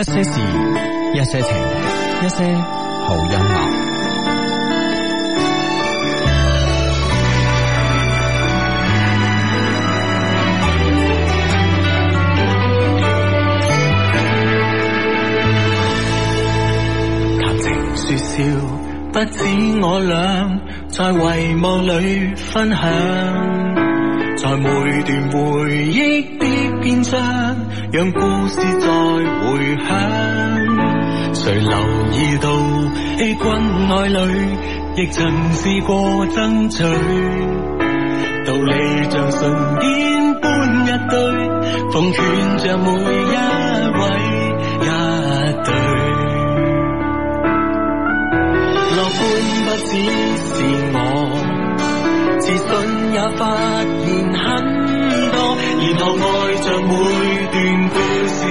一些事，一些情，一些好音樂。談情說笑，不止我倆，在遺忘裏分享，在每段回憶的篇章。讓故事再回響，誰留意到羈困愛侶，亦曾試過爭取？道理像唇邊般一堆，奉勸着每一位一對。樂觀不只是我，自信也發現很多，然後愛着每段。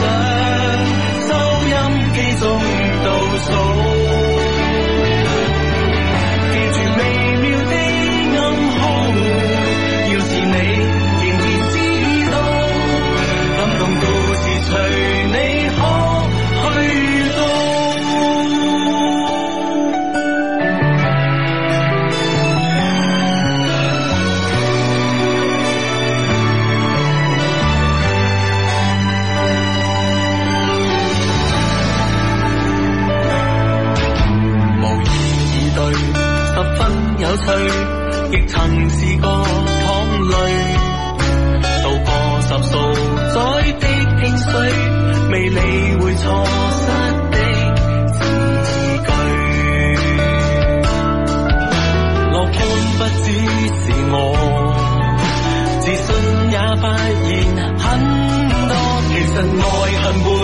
想收音機中倒數。亦曾試過淌淚，渡過十數載的聽水，未理會錯失的詞句。落空 不只是我，自信也發現很多。其實愛恨。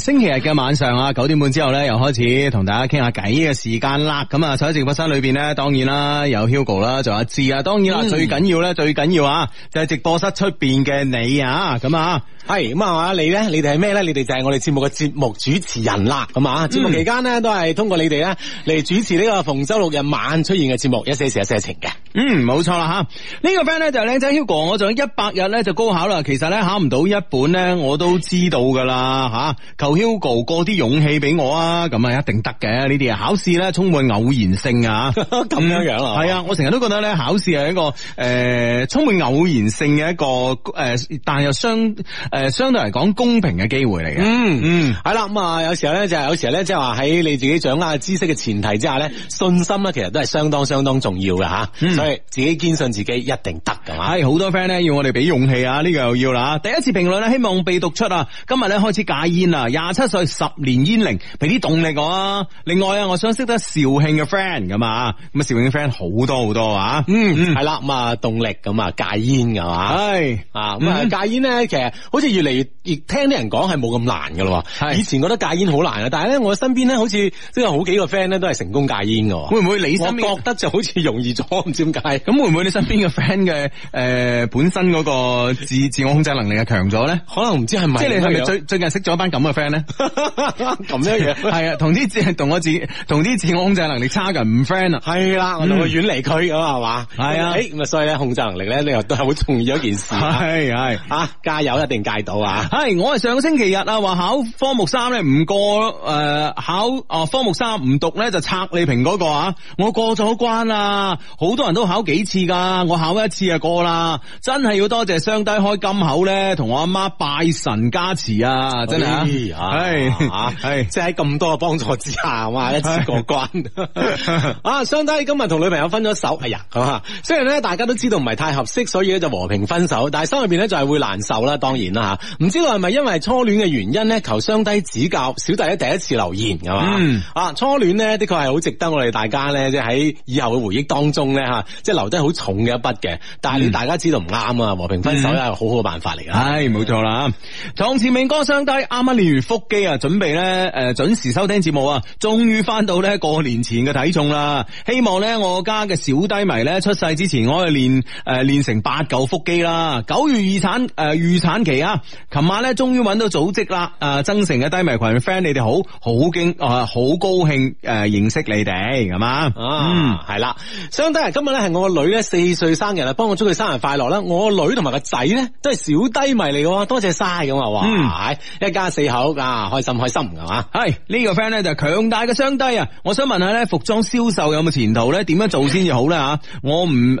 星期日嘅晚上啊，九點半之後咧，又開始同大家傾下偈嘅時間啦。咁啊，坐喺直播室裏邊咧，當然啦，有 Hugo 啦，仲有阿志啊。當然啦，嗯、最緊要咧，最緊要啊，就係、是、直播室出邊嘅你啊。咁啊，係咁啊嘛，你咧，你哋係咩咧？你哋就係我哋節目嘅節目主持人啦。咁啊，節目期間咧、嗯、都係通過你哋咧嚟，主持呢個逢周六日晚出現嘅節目，一些事，一些情嘅。嗯，冇錯啦吓，呢、啊這個 friend 咧就係靚仔 Hugo，我仲有一百日咧就高考啦。其實咧考唔到一本咧，我都知道噶啦吓。求 Hugo，過啲勇氣俾我啊！咁啊，一定得嘅。呢啲啊，考試咧充滿偶然性啊，咁 樣樣、嗯、啊。係啊，我成日都覺得咧，考試係一個誒、呃、充滿偶然性嘅一個誒、呃，但又相誒、呃、相對嚟講公平嘅機會嚟嘅。嗯嗯，係啦、嗯，咁啊、嗯，有時候咧就係、是、有時候咧，即係話喺你自己掌握知識嘅前提之下咧，信心咧其實都係相當相當重要嘅吓。啊、嗯。自己堅信自己一定得噶嘛？係好多 friend 咧要我哋俾勇氣啊！呢個又要啦，第一次評論咧，希望被讀出啊！今日咧開始戒煙啦，廿七歲十年煙齡，俾啲動力我啊！另外啊，我想識得肇慶嘅 friend 噶嘛？咁肇慶嘅 friend 好多好多啊！嗯，係啦，咁啊動力咁啊戒煙噶嘛？係啊，咁戒煙咧，其實好似越嚟越，越聽啲人講係冇咁難噶咯。是以前覺得戒煙好難啊，但係咧我身邊咧好似都有好幾個 friend 咧都係成功戒煙噶。會唔會你身邊？我覺得就好似容易咗唔知。咁會唔會你身邊嘅 friend 嘅，誒，本身嗰個自自我控制能力係強咗咧？可能唔知係咪？即係你係咪最最近識咗一班咁嘅 friend 咧？咁 樣嘢係啊，同啲自同我自同啲自我控制能力差嘅唔 friend 啊，係啦，我就會遠離佢㗎嘛。係啊，咁啊，所以咧控制能力咧，你又都係好重要一件事。係係，吓、啊、加油，一定戒到啊！係我係上個星期日啊，話考科目三咧唔過誒，考啊科目三唔讀咧就拆你平嗰、那個啊，我過咗關啦，好多人都。都考幾次噶我考一次啊，過啦！真係要多謝雙低開金口咧，同我阿媽拜神加持啊！真係係啊，係即係喺咁多嘅幫助之下，哇是，一次過關 啊！雙低今日同女朋友分咗手，係、哎、呀，係嘛。雖然咧，大家都知道唔係太合適，所以咧就和平分手，但係心裏邊咧就係會難受啦。當然啦吓，唔、啊、知道係咪因為初戀嘅原因咧，求雙低指教。小弟第一次留言係嘛。嗯、啊，初戀呢，的確係好值得我哋大家咧，即係喺以後嘅回憶當中咧吓。即係留低好重嘅一筆嘅，但係大家知道唔啱啊！嗯、和平分手一係、嗯、好好嘅辦法嚟噶，唉冇錯啦。壯志明哥，相低啱啱練完腹肌啊！準備咧，誒準時收聽節目啊！終於翻到咧過年前嘅體重啦，希望咧我家嘅小低迷咧出世之前可以練，我去練誒練成八嚿腹肌啦。九月二產誒預、呃、產期啊，琴晚咧終於搵到組織啦！誒、呃、增城嘅低迷群 friend，你哋好好驚啊、呃，好高興誒認識你哋係嘛？啊、嗯，係啦，雙低今日咧。係我個女咧四歲生日啦，幫我祝佢生日快樂啦！我個女同埋個仔咧都係小低迷嚟嘅，多謝晒咁啊！哇，嗯、一家四口啊，開心開心係嘛？係呢個 friend 咧就強大嘅雙低啊！我想問下咧，服裝銷售有冇前途咧？點樣做先至好咧？吓、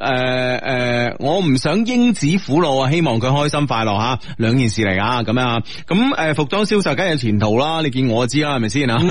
呃呃，我唔誒誒，我唔想英子苦惱啊，希望佢開心快樂吓，兩、啊、件事嚟啊，咁樣啊，咁誒，服裝銷售梗係有前途啦！你見我知啦，係咪先啊？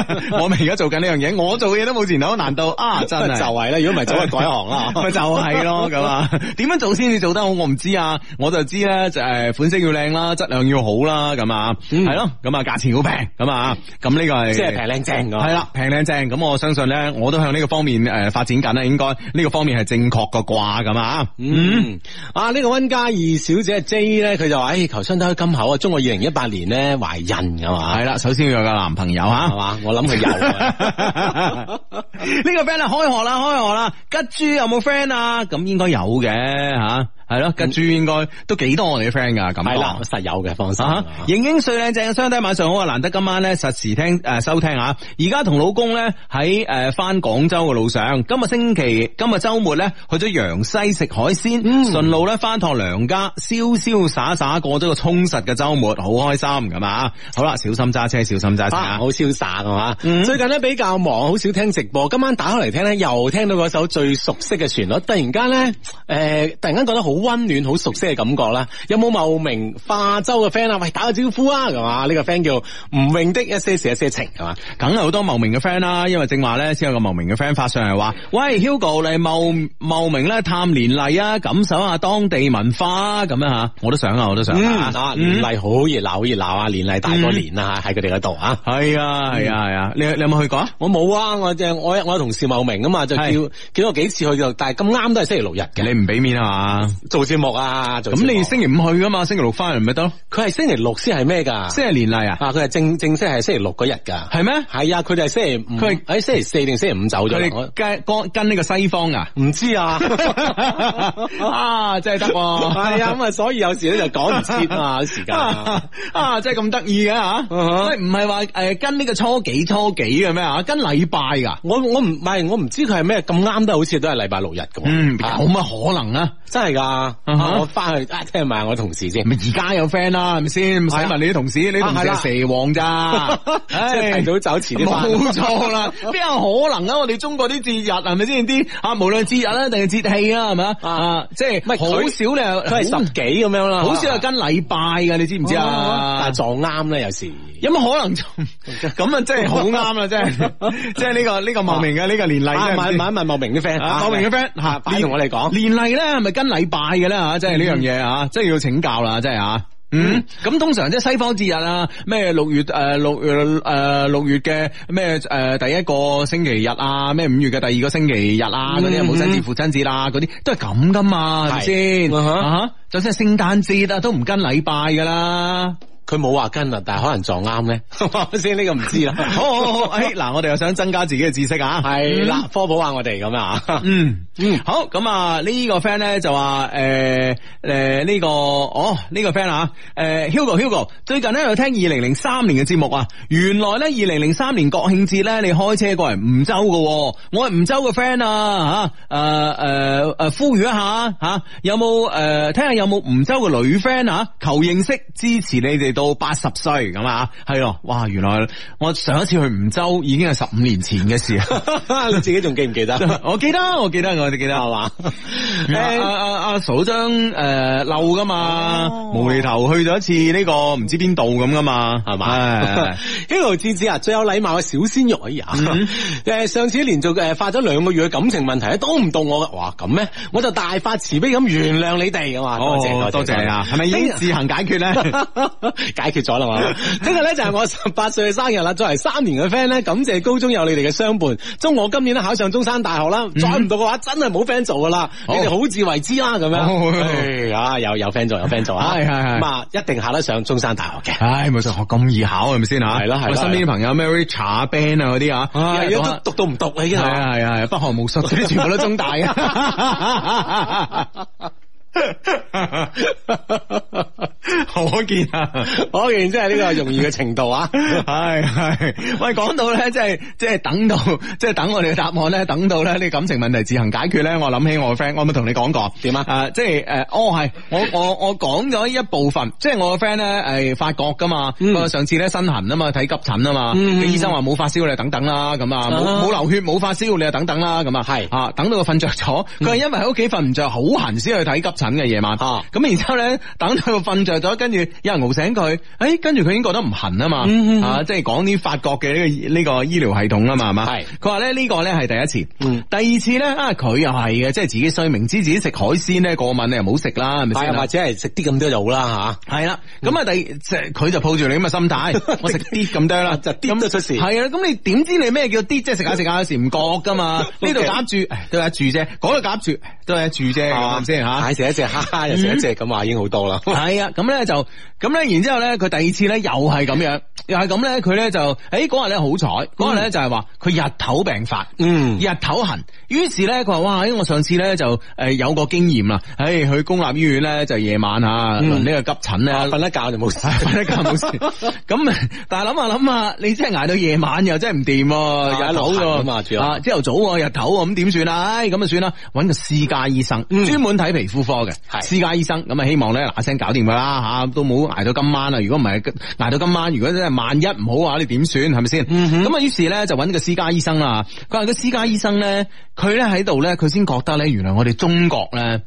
我咪而家做緊呢樣嘢，我做嘢都冇前途，難道啊？真係 就係咧，如果唔係走去鬼。啦，咪 就係咯，咁啊，點樣做先至做得好？我唔知啊。我就知咧，就係、是、款式要靚啦，質量要好啦，咁啊，係咯、嗯，咁啊，價錢好平咁啊，咁呢個係即係平靚正噶，係啦了，平靚正。咁了我相信咧，我都向呢個方面誒發展緊啦。應該呢個方面係正確個啩咁啊。嗯，啊呢個溫家二小姐 J 咧，佢就話、哎：求生得金口啊！中國二零一八年咧懷孕噶嘛？係啦，首先要有個男朋友吓係嘛？我諗佢有。呢 個 friend 開學啦，開學啦，豬有冇 friend 啊？咁應該有嘅吓。係咯，跟住應該都幾多我哋啲 friend 噶，咁係啦，實有嘅，放心吓。盈盈最靚正，相飛晚上好啊！難得今晚咧實時聽誒、呃、收聽啊！而家同老公咧喺誒翻廣州嘅路上，今日星期今日週末咧去咗陽西食海鮮，嗯、順路咧翻趟娘家，瀟瀟灑灑過咗個充實嘅週末，好開心，係嘛？好啦，小心揸車，小心揸車，好瀟灑，係嘛？嗯、最近咧比較忙，好少聽直播，今晚打開嚟聽咧，又聽到嗰首最熟悉嘅旋律，突然間咧誒、呃，突然間覺得好～溫暖，好熟悉嘅感覺啦，有冇茂名化州嘅 friend 啊？喂，打個招呼啊，係嘛？呢、這個 friend 叫吳泳的一些事一些情，係嘛？梗係好多茂名嘅 friend 啦，因為正話咧，先有個茂名嘅 friend 發上嚟話，喂，Hugo 嚟茂茂名咧探年例啊，感受下當地文化咁、啊、樣吓，我都想啊，我都想啊，嗯嗯、年例好熱鬧，好熱鬧啊，年例大過年啊，喺佢哋嗰度啊，係啊，係、嗯、啊，係啊，你你有冇去過啊？我冇啊，我我，我有同事茂名啊嘛，就叫是叫咗幾次去就，但係咁啱都係星期六日嘅，你唔俾面啊嘛？做節目啊，咁你星期五去噶嘛？星期六翻嚟咪得咯？佢係星期六先係咩噶？星期年例啊？啊，佢係正正式係星期六嗰日噶。係咩？係啊，佢就係星期五，佢係喺星期四定星期五走咗。佢跟呢個西方啊，唔知啊。啊，真係得，係啊。咁啊，所以有時咧就趕唔切啊，時間啊，真係咁得意嘅吓。即唔係話誒跟呢個初幾初幾嘅咩啊？跟禮拜噶？我我唔係我唔知佢係咩咁啱都好似都係禮拜六日嘅。嗯，有乜可能啊？真係噶～我翻去啊，聽埋我同事先。咪而家有 friend 啦，係咪先？唔使問你啲同事，你都蛇王咋？即係提早走遲啲。冇錯啦，邊有可能啊？我哋中國啲節日係咪先啲啊？無論節日啦，定係節氣啊，係咪啊？即係係好少你佢係十幾咁樣啦，好少係跟禮拜噶，你知唔知啊？但係撞啱咧，有時有冇可能咁啊，即係好啱啦，即係！即係呢個呢個茂名嘅呢個年例，問一問茂名啲 friend，茂名啲 friend 吓，同我哋講年例咧，係咪跟禮拜？拜嘅啦，嚇，即係呢樣嘢啊，即係要請教啦，即係嚇。嗯，咁、嗯、通常即係西方節日啊，咩六月誒、呃、六月誒、呃、六月嘅咩誒第一個星期日啊，咩五月嘅第二個星期日啊嗰啲，母親節、父親節啦嗰啲，都係咁噶嘛，係咪先？就算係聖誕節啊，都唔跟禮拜噶啦。佢冇話跟啊，但係可能撞啱咧，先呢 個唔知啦。好，好，好，好，嗱，我哋又想增加自己嘅知識啊，係、嗯、啦，科普下我哋咁啊。樣嗯，嗯，好，咁啊呢個 friend 咧就話，誒、呃，誒、呃、呢、這個，哦，呢、這個 friend 啊，誒、呃、，Hugo，Hugo，最近咧有聽二零零三年嘅節目啊，原來咧二零零三年國慶節咧，你開車過嚟梧州噶，我係梧州嘅 friend 啊，吓、呃，誒，誒，誒，呼籲一下，吓、啊，有冇誒，聽、呃、下有冇梧州嘅女 friend 啊，求認識，支持你哋。到八十歲咁啊，係咯，哇！原來我上一次去梧州已經係十五年前嘅事，啊。 你自己仲記唔記， 記得？我記得，我記得，我哋記得係、呃、嘛？阿阿阿嫂張誒漏噶嘛，無厘頭去咗一次呢個唔知邊度咁噶嘛，係嘛的？呢條枝子啊， 最有禮貌嘅小鮮肉啊，誒， 上次連續誒發咗兩個月嘅感情問題，都唔到我，哇咁咩？我就大發慈悲咁原諒你哋啊嘛，多謝多謝啊，係咪已經自行解決咧？ 解決咗啦嘛，呢日咧就係我十八歲嘅生日啦。作為三年嘅 friend 咧，感謝高中有你哋嘅相伴。祝我今年咧考上中山大學啦！再唔到嘅話，真係冇 friend 做噶啦。你哋好自為之啦，咁樣。好，啊有有 friend 做，有 friend 做，係係係，啊一定考得上中山大學嘅。係冇錯，咁易考係咪先吓？係啦，我身邊啲朋友，Mary、查 Ben 啊嗰啲啊，都讀到唔讀啊，而家係啊係啊，北航、武森全部都中大嘅。可 見啊，可見真係呢個容易嘅程度啊！係係， 喂，講到咧，即係即係等到，即係等我哋嘅答案咧，等到咧呢感情問題自行解決咧，我諗起我個 friend，我有冇同你講過？點啊？誒、 啊，即係誒、哦，我係我我我講咗一部分，即係我個 friend 咧，誒、嗯，發覺噶嘛，上次咧身痕啊嘛，睇急診啊嘛，嘅、嗯、醫生話冇發燒，你等等啦，咁啊，冇冇流血，冇發燒，你等等啦，咁啊，係是啊，等到佢瞓着咗，佢係、嗯、因為喺屋企瞓唔着，好痕先去睇急診。嘅夜晚，咁然之後咧，等到佢瞓着咗，跟住有人熬醒佢，誒，跟住佢已經覺得唔痕啊嘛，啊，即係講啲法國嘅呢個呢個醫療系統啦嘛，係嘛，係，佢話咧呢個咧係第一次，第二次咧啊，佢又係嘅，即係自己衰，明知自己食海鮮咧過敏，你又唔好食啦，係咪或者係食啲咁多就好啦，吓，係啦，咁啊第，即佢就抱住你咁嘅心態，我食啲咁多啦，就啲都出事，係啊，咁你點知你咩叫啲？即係食下食下有時唔覺噶嘛，呢度夾住都係一注啫，嗰度夾住都係一注啫，先吓？一隻蝦蝦又寫一隻咁話，已經好多啦。係啊，咁咧就，咁咧，然之後咧，佢第二次咧又係咁樣，又係咁咧，佢咧就，誒，嗰日咧好彩，嗰日咧就係話佢日頭病發，嗯，日頭痕，於是咧佢話哇，因為我上次咧就誒有個經驗啦，誒，去公立醫院咧就夜晚吓，呢個急診咧，瞓一覺就冇事，瞓一覺冇事。咁但係諗下諗下，你真係捱到夜晚又真係唔掂，日頭啊嘛，朝頭早日頭咁點算啊？唉，咁啊算啦，搵個私家醫生，專門睇皮膚科。嘅私家醫生咁啊，希望咧嗱聲搞掂噶啦吓，都冇挨到今晚啦。如果唔係，挨到今晚，如果真係萬一唔好話，你點算係咪先？咁啊、嗯哼，於是咧就揾個私家醫生啦。佢話個私家醫生咧，佢咧喺度咧，佢先覺得咧，原來我哋中國咧、嗯哼啊，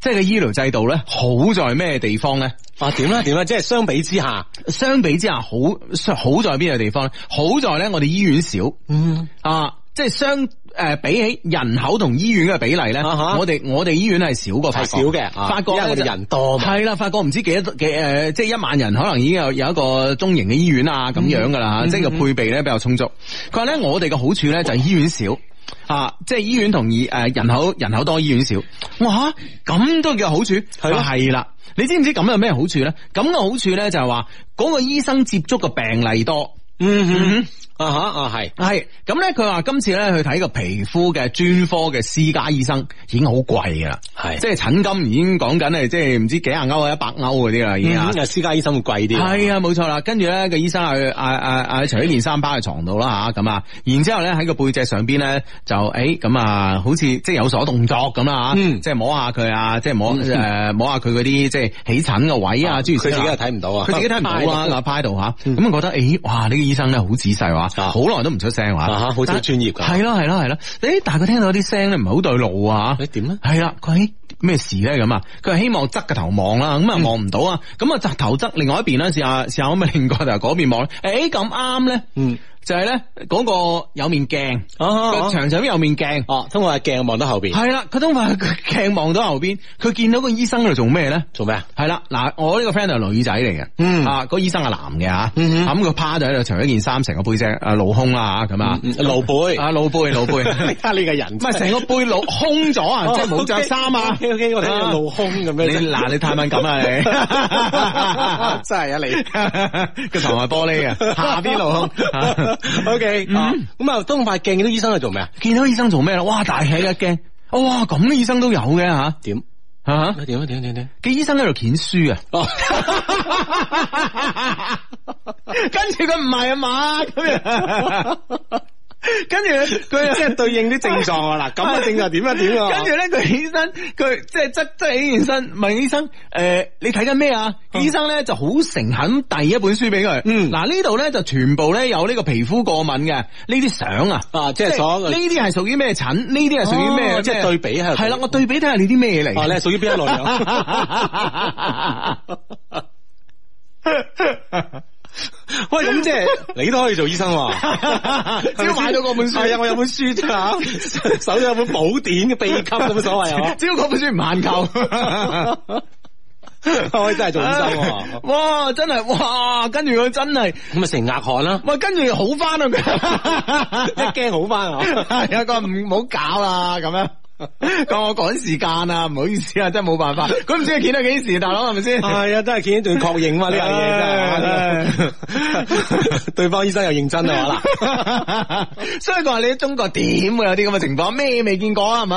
即係個醫療制度咧，好在咩地方咧？啊，點咧？點咧？即係相比之下，相比之下好，好好在邊個地方？好在咧，我哋醫院少、嗯、哼啊。即係相，誒，比起人口同醫院嘅比例咧，我哋我哋醫院係少過法國，少嘅。法國，因為我哋人多，係啦，法國唔知幾多幾誒，即係一萬人可能已經有有一個中型嘅醫院啊，咁樣噶啦即係個配備咧比較充足。佢話咧，我哋嘅好處咧就係醫院少啊，即係醫院同二，誒，人口人口多，醫院少。哇，咁都叫好處，係啦。你知唔知咁有咩好處咧？咁嘅好處咧就係話嗰個醫生接觸嘅病例多。嗯哼啊吓，啊係係咁咧，佢、huh, 話、uh, 嗯、今次咧去睇個皮膚嘅專科嘅私家醫生已經好貴噶啦，係是的 即係診金已經講緊咧，即係唔知幾廿歐啊，一百歐嗰啲啦，而家私家醫生會貴啲。係啊，冇錯啦。跟住咧個醫生係啊啊啊，除咗件衫包喺床度啦吓，咁啊，然之後咧喺個背脊上邊咧就誒咁啊，好似即係有所動作咁啦吓，即係摸下佢啊，即係摸誒摸下佢嗰啲即係起疹嘅位啊，諸如佢自己睇唔到啊，佢自己睇唔到啦，趴喺度吓，咁、嗯、覺得誒哇呢、個醫生咧好仔細好耐、啊、都唔出聲話，吓好、啊、但專業噶。係咯係咯係咯，誒！但係佢聽到啲聲咧，唔係好對路啊。你點咧？係啦，佢喺咩事咧？咁啊，佢係希望側個頭望啦，咁啊望唔到啊，咁啊側頭側，另外一邊啦。試下試下咁啊，另外嗰邊望，誒咁啱咧，哎、呢嗯。就係咧，嗰個有面鏡，個牆上邊有面鏡，哦，通過鏡望到後面。係啦，佢通過鏡望到後面，佢見到個醫生喺度做咩咧？做咩啊？係啦，嗱，我呢個 friend 係女仔嚟嘅，嗯，啊，個醫生係男嘅嚇，咁佢趴就喺度著一件衫，成個背脊啊露胸啦咁啊露背啊露背露背，睇下呢個人，唔係成個背露空咗啊，即係冇着衫啊，OK，我哋露胸咁樣。你嗱你太敏感啦你，真係啊你，個頭係玻璃啊，下邊露胸。O K，咁啊，當塊鏡見到醫生係做咩啊？見到醫生做咩啦？哇，大吃一驚，哇，咁醫生都有嘅吓？點吓點點點點？見醫生喺度檢書啊，哦、 跟住佢唔係啊嘛咁樣。 跟住咧佢即係對應啲症狀啊！嗱，咁嘅症狀點啊點啊！跟住咧，佢起身，佢即係即係起身，問醫生：誒，你睇緊咩啊？醫生咧就好誠懇，遞一本書俾佢。嗯，嗱呢度咧就全部咧有呢個皮膚過敏嘅呢啲相啊！啊，即係所有呢啲係屬於咩疹？呢啲係屬於咩？即係對比係。係啦，我對比睇下你啲咩嚟。哦，咧屬於邊一類啊？喂，咁即係你都可以做醫生，啊，只要買咗嗰本書。係啊，我有本書咋，手上有本寶典嘅秘笈咁所謂，只要嗰本書唔限購， 可以真係做醫生，啊哇。哇，真係哇，跟住佢真係咁啊，成額汗啦。喂， 跟住好翻啊，一驚好翻啊，有個唔好搞啦咁樣。咁我趕時間啊，唔好意思啊，真係冇辦法。佢唔知你見到幾時，大佬係咪先？係啊，真係見到仲要確認嘛？呢樣嘢真係，對方醫生又認真啊嘛啦。所以佢話你喺中國點啊？有啲咁嘅情況，咩未見過啊？係咪？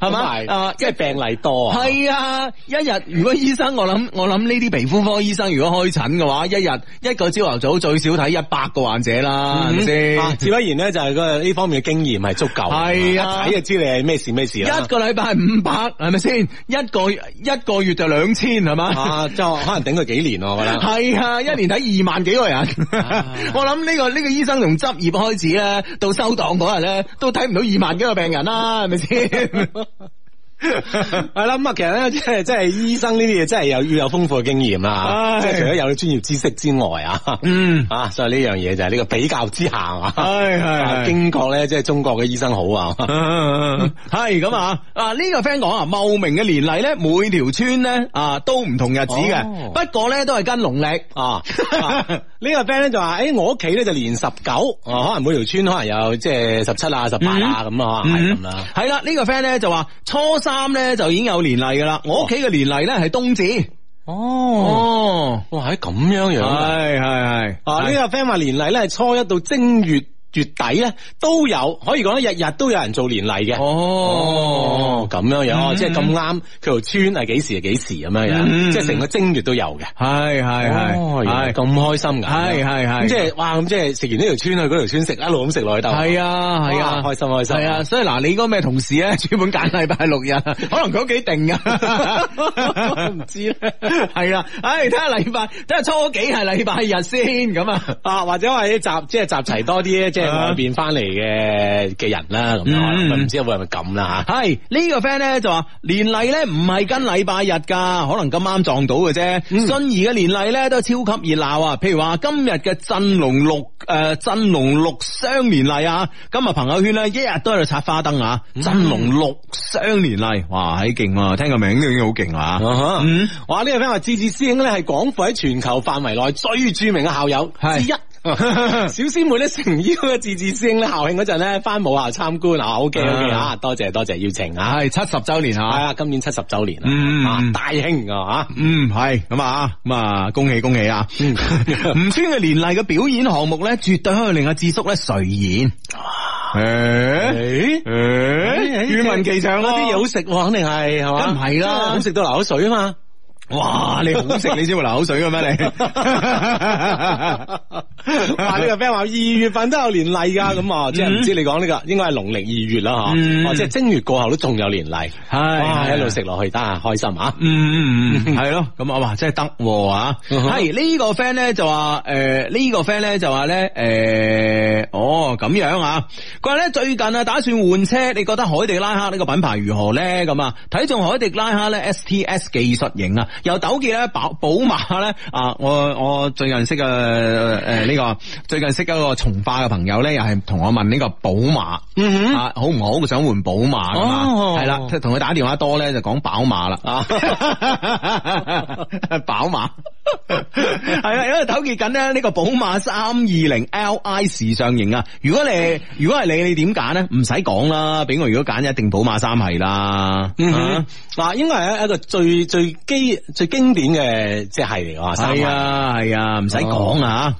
係咪？即係病例多啊。係啊，一日如果醫生我諗我諗呢啲皮膚科醫生如果開診嘅話，一日一個朝頭早最少睇一百個患者啦，係咪先？自不然呢，就係呢方面嘅經驗係足夠。係啊，睇就知你係咩事咩事。一個禮拜五百，係咪先？一個一個月就兩千，係嘛？啊，就可能頂佢幾年了。我覺得係啊，一年睇二萬幾個人， 我諗呢個呢個醫生從執業開始咧，到收檔嗰日咧，都睇唔到二萬幾個病人啦，係咪先？ 係啦，咁啊，其實咧，即係即係醫生呢啲嘢，真係有要有豐富嘅經驗啦，即係除咗有專業知識之外啊，嗯啊，所以呢樣嘢就係呢個比較之下，係係，感覺咧，即係中國嘅醫生好啊，係咁啊，啊呢個 friend 講啊，茂名嘅年例咧，每條村咧啊都唔同日子嘅，不過咧都係跟農曆啊，呢個 friend 咧就話，誒我屋企咧就年十九，哦，可能每條村可能有即係十七啊、十八啊咁啊，係咁啦，係啦，呢個 friend 咧就話初三咧就已經有年例噶啦，我屋企嘅年例咧係冬至。哦，哇、哦，喺咁樣樣，係係係，是啊呢個 friend 話年例咧係初一到正月。月底咧都有，可以講一日日都有人做年例嘅。哦，咁樣樣，即係咁啱佢條村係幾時係幾時咁樣樣，即係成個正月都有嘅。係係係，係咁開心噶。係係係，即係哇，咁即係食完呢條村去嗰條村食，一路咁食落去兜。係啊係啊，開心開心。係啊，所以嗱，你嗰個咩同事咧，專門揀禮拜六日，可能佢都幾定噶，唔知咧。係啊。唉，睇下禮拜，睇下初幾係禮拜日先咁啊，啊或者話要集，即係集齊多啲即係外邊翻嚟嘅嘅人啦，咁啊唔知會唔會咁啦吓。係呢、這個 friend 咧就話年例咧唔係跟禮拜日噶，可能咁啱撞到嘅啫。嗯、信宜嘅年例咧都係超級熱鬧啊，譬如話今日嘅鎮龍六，誒鎮龍六雙年例啊，今日、呃、朋友圈咧一日都喺度刷花燈啊，鎮龍、嗯、六雙年例，哇，喺勁，聽個名都已經好勁啊！吓。呢個 friend 話智智師兄咧係廣府喺全球範圍內最著名嘅校友是之一。 小師妹咧，誠邀啊，智智師兄咧，校慶嗰陣咧，翻母校參觀啊，OK OK，啊多謝多謝邀請，係七十周年啊，係啊，今年七十周年、嗯、啊，大慶啊，嗯，係咁啊，咁啊，啊，恭喜恭喜啊，吳川嘅年例嘅表演項目咧，絕對可以令阿智叔咧垂涎，誒誒誒，語文奇長啲嘢好食，肯定係係嘛，梗唔係啦，好食到流口水啊嘛。哇！你好食，你先會流口水嘅咩？ 你話呢個 friend 話二月份都有年例噶咁啊，嗯、即係唔知你講呢、這個應該係農曆二月啦吓，哦、嗯，即係正月過後都仲有年例，係是一路食落去，得啊，開心啊！的嗯嗯係咯，咁啊嘛，真係得啊！係、呃、呢、這個 friend 咧就話誒，呢個 friend 咧就話咧誒，哦咁樣啊，佢話咧最近啊打算換車，你覺得凱迪拉克呢個品牌如何咧？咁啊，睇中凱迪拉克咧 S T S 技術型啊！又糾結咧，寶寶馬咧啊！我我最近識嘅誒呢個最近識一個從化嘅朋友咧，又係同我問呢個寶馬，嗯哼，啊、好唔好？想換寶馬噶嘛？係啦，同佢打電話多咧，就講寶馬啦，寶馬係啊！ 因為糾結緊咧，呢、這個寶馬三二零 Li 時尚型啊！如果你如果係你，你點揀咧？唔使講啦，俾我如果揀，一定寶馬三系啦。嗱、嗯哼，應該係一一個最最基。最經典嘅即係嚟話，係啊係啊，唔使講啊，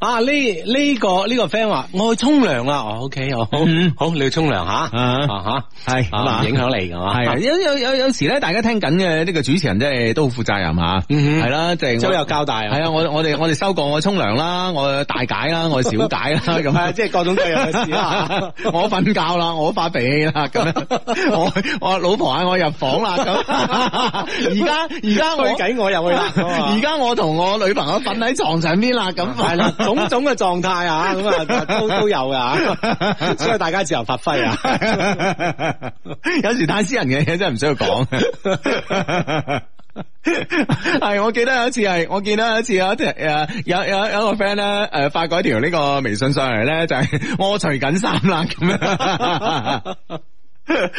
啊呢呢個呢個 friend 話我去沖涼啦，OK 好，好，你去沖涼吓啊吓，係影響你噶嘛，係有有有時咧，大家聽緊嘅呢個主持人真係都好負責任吓，係啦，即係都有交代，係啊，我我哋我哋收過我沖涼啦，我大解啦，我小解啦，咁，即係各種各樣嘅事啦，我瞓覺啦，我發脾氣啦，咁我我老婆嗌我入房啦，咁而家。而家我計我入去啦，而家我同我女朋友瞓喺床上邊啦，咁快啦，種種嘅狀態啊，咁啊都都有噶，所以大家自由發揮啊。有時太私人嘅嘢真係唔需要講。係，我記得有一次係，我記得有一次有一條誒有有有一個 friend 咧誒發過一條呢個微信上嚟咧，就係我除緊衫啦咁樣。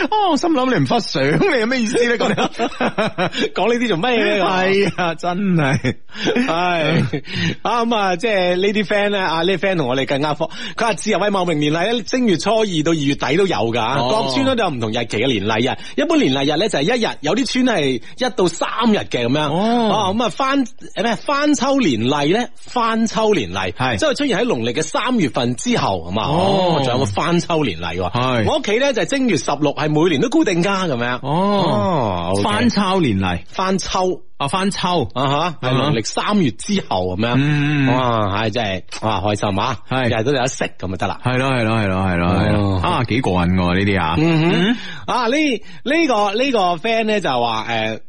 哦，心諗你唔發相你有咩意思咧？講講呢啲做咩咧？係啊，真係係，咁啊！即係呢啲 friend 咧，啊呢啲 friend 同我哋更加火。佢話自由喺茂名年例咧，正月初二到二月底都有噶。各村都有唔同日期嘅年例啊。一般年例日咧就係一日，有啲村係一到三日嘅咁樣。哦，咁啊，翻咩翻秋年例咧？翻秋年例係，即係出現喺農曆嘅三月份之後，咁啊，哦，仲有個翻秋年例。係我屋企咧就係正月十六係每年都固定噶，咁樣哦，翻抄年嚟，翻抽啊，翻抽啊吓，係農曆三月之後咁樣，嗯，哇，係真係哇開心啊，係日日都有得食咁就得啦，係咯係咯係咯係咯係咯，啊幾過癮噶呢啲啊，嗯哼，啊呢呢個呢個 friend 咧就話誒。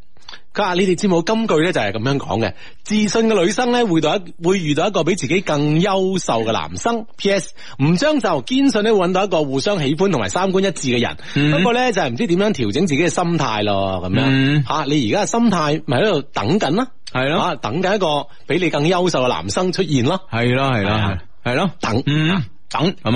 佢話你哋知冇？金句咧就係咁樣講嘅，自信嘅女生咧會到一會遇到一個比自己更優秀嘅男生。P.S. 唔將就，堅信咧搵到一個互相喜歡同埋三觀一致嘅人。嗯、不過咧就係唔知點樣調整自己嘅心態咯，咁樣吓、嗯、你而家嘅心態咪喺度等緊啦，係咯的，等緊一個比你更優秀嘅男生出現咯，係啦係啦係，係咯等。嗯等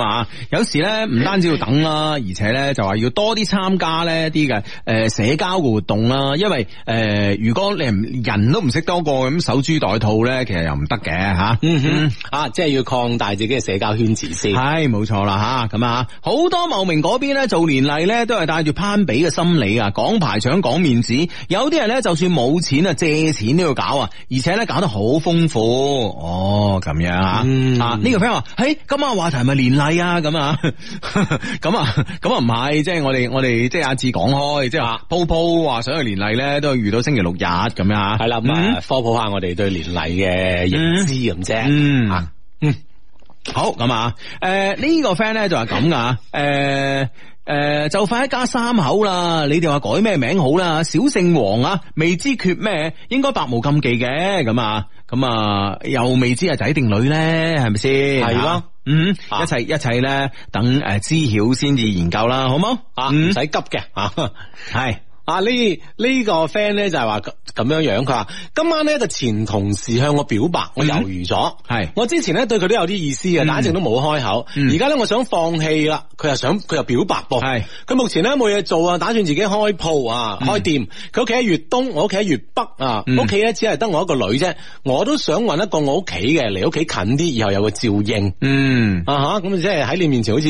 有時咧唔單止要等啦，而且咧就話要多啲參加呢啲嘅誒社交活動啦，因為誒、呃、如果你人都唔識多個咁守株待兔咧，其實又唔得嘅吓，啊、嗯哼，啊即係要擴大自己嘅社交圈子先，係冇錯啦吓，咁啊好多茂名嗰邊咧做年例咧都係帶住攀比嘅心理啊，講排場講面子，有啲人咧就算冇錢啊借錢都要搞啊，而且咧搞得好豐富，哦咁樣、嗯、啊，啊、這、呢個 friend 話，嘿、欸、今晚話題。咪年例啊咁 啊咁啊咁啊唔係，即係我哋我哋即係阿志講開，即係話鋪鋪話想去年例咧，都要遇到星期六日咁樣啊，係啦咁科普下我哋對年例嘅認知咁啫，嗯，啊、嗯，好咁啊，誒、呃、呢、這個 friend 咧就係咁啊，誒、呃、誒、呃、就快一家三口啦，你哋話改咩名好啦，小姓王啊，未知缺咩，應該百冇禁忌嘅咁啊。咁啊，又未知係仔定女咧，係咪先？係咯，嗯，一齊一齊咧，等誒知曉先至研究啦，好冇、啊嗯？啊，唔使急嘅，吓，係。啊呢呢、這個 friend 咧就係話咁樣樣，佢話今晚咧個前同事向我表白，我猶豫咗。係、mm hmm. 我之前咧對佢都有啲意思嘅，mm hmm. 但係一直都冇開口。而家咧我想放棄啦，佢又想佢又表白噃。係佢、mm hmm. 目前咧冇嘢做啊，打算自己開鋪啊，mm hmm. 開店。佢屋企喺粵東，我屋企喺粵北啊。屋企咧只係得我一個女啫，我都想揾一個我屋企嘅，離屋企近啲，以後有個照應。嗯啊吓，咁、hmm. uh huh, 即係喺你面前好似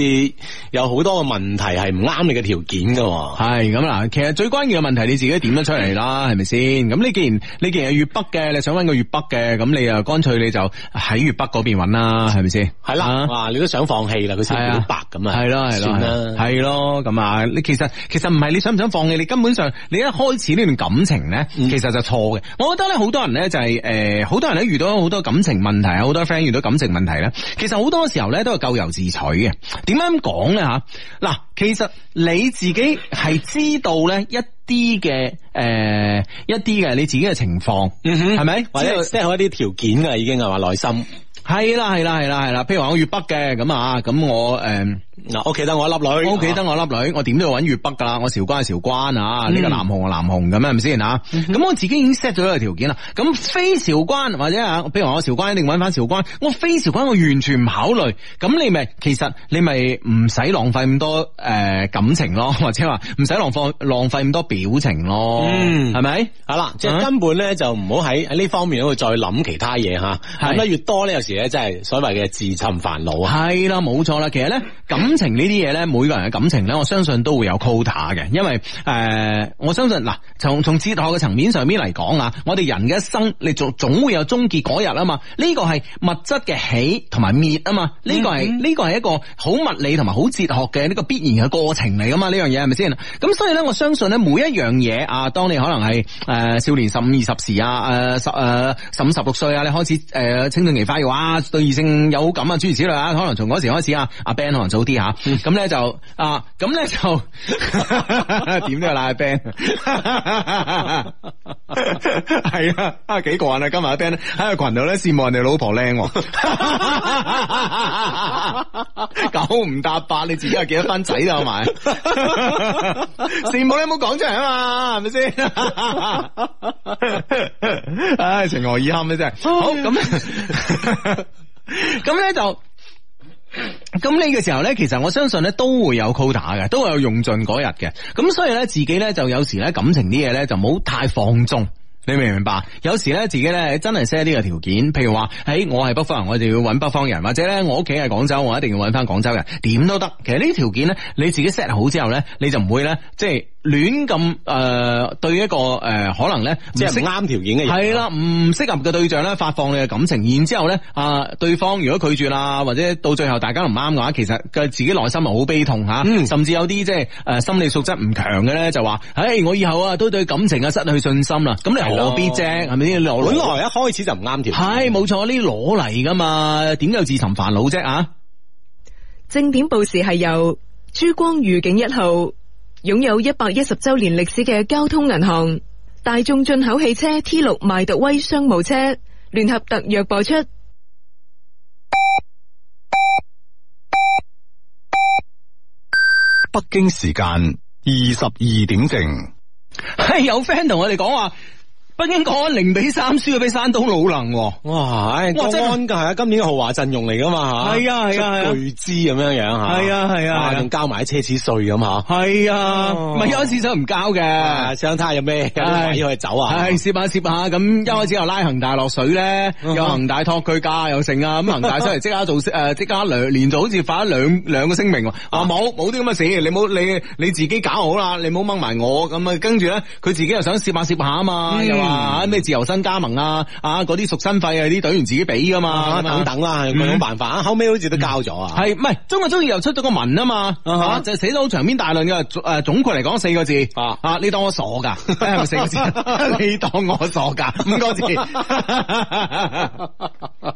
有好多嘅問題係唔啱你嘅條件噶。係咁啦，其實最關。嘅問題你自己點樣出嚟啦，係咪先？咁你既然你既然係粵北嘅，你想揾個粵北嘅，咁你啊，乾脆你就喺粵北嗰邊揾啦，係咪先？係啦，哇！你都想放棄得啦，佢先好白咁啊！係咯，係咯，係咯了，咁啊！你其實其實唔係你想唔想放棄，你根本上你一開始呢段感情咧，其實就錯嘅。我覺得咧，好多人咧就係、是、誒，好、呃、多人咧遇到好多感情問題啊，好多 friend 遇到感情問題咧，其實好多時候咧都係咎由自取嘅。點樣講咧嚇？嗱，其實你自己係知道咧一。啲嘅誒，一啲嘅你自己嘅情況，嗯哼，係咪？或者 set 好一啲條件噶？已經係話內心？係啦係啦係啦係啦，譬如話我粵北嘅咁啊，咁我誒。呃嗱，啊 OK, 啊，屋企得我一粒女，屋企得我一粒女，我點都要揾粵北噶啦，我韶關係韶關啊，呢個、嗯、南雄係南雄咁啊，係咪先啊？咁我自己已經 set 咗一個條件啦，咁非韶關或者啊，比如話我韶關一定揾翻韶關，我非韶關我完全唔考慮，咁你咪其實你咪唔使浪費咁多誒、呃、感情咯，或者話唔使浪費浪費咁多表情咯，係咪？好啦，即係根本咧就唔好喺喺呢方面度再諗其他嘢，吓、諗、啊、得越多呢，有時咧真係所謂嘅自尋煩惱啊。係啦，冇錯啦，其實咧咁。 感情呢啲嘢咧，每個人嘅感情咧，我相信都會有 quota 嘅，因為誒、呃，我相信嗱，從從哲學嘅層面上面嚟講啊，我哋人嘅一生，你總總會有終結日啊嘛，呢個係物質嘅起同埋滅啊嘛，呢個係呢個係一個好物理同埋好哲學嘅呢、這個必然嘅過程嚟啊嘛，呢樣嘢係咪先？咁所以咧，我相信咧，每一樣嘢啊，當你可能係誒、呃、少年十五二十時啊，誒十誒十五十六歲啊，你開始誒青春期發育啊，對異性有感啊諸如此類啊，可能從嗰時開始啊，阿 Ben 可能早啲。吓，咁咧就啊，咁咧就點都有拉，阿 Ben 係啊，幾個人啊！今日阿 Ben 喺個群度咧羨慕人哋老婆靚，啊， 九唔搭八，你自己係幾多班 仔啊？咪羨慕你冇講出嚟啊？嘛係咪先？唉，情何以堪呢，啊？啫， 好咁咧，咁咧 就。 咁呢個時候呢，其實我相信呢都會有 quota 嘅，都有用盡嗰日嘅。咁所以呢，自己呢就有時呢感情啲嘢呢就唔好太放縱，你明唔明白？有時呢，自己呢真係 set 呢個條件，譬如話喺我係北方人，我就要揾北方人，或者呢我屋企係廣州，我一定要揾翻廣州人，點都得。其實呢條條件呢，你自己 set 好之後呢，你就唔會呢，即係。亂咁誒對一個誒、呃、可能咧唔適啱條件嘅人係啦，唔適合嘅對象咧發放你嘅感情，然之後咧啊對方如果拒絕啦或者到最後大家唔啱嘅話，其實佢自己內心係好悲痛吓，啊嗯、甚至有啲即係誒心理素質唔強嘅咧就話，唉、哎、我以後啊都對感情啊失去信心啦，咁的你何必啫係咪先攞？本來一開始就唔啱條件，係冇錯呢攞嚟噶嘛，點有自尋煩惱啫啊？正點報時係由珠光御景一號。擁有一百一十周年歷史嘅交通銀行大眾進口汽車 T 六邁特威商務車聯合特約播出。北京時間二十二點正，係 有 friend 同我哋講話。北京國安零比三輸咗俾山東魯能，哇！真國安係啊，今年嘅豪華陣容嚟噶嘛吓，係啊係啊，巨資咁樣樣吓，係啊係啊，仲交埋啲奢侈稅咁吓，係啊，唔係一開始想唔交嘅，想睇下有咩有啲位可以走啊，係，涉下涉下，咁一開始又拉恒大落水咧，有恒大托佢價又剩啊，咁恒大出嚟即刻做誒即刻兩連，就好似發咗兩兩個聲明，啊，冇冇啲咁嘅事，你冇你你自己搞好啦，你冇掹埋我，咁啊跟住咧佢自己又想涉下涉下啊嘛，啊！咩自由身加盟啊！啊！嗰啲贖身費啊，啲隊員自己俾噶嘛，啊、等等啦、啊，各、嗯、種辦法啊，後尾好似都交咗啊！係唔係？中國終於又出咗個文啊嘛，吓、啊啊、就寫到好長篇大論嘅，誒，總括嚟講四個字啊！啊，你當我傻噶？係咪 四個字？ 你當我傻噶？五個字。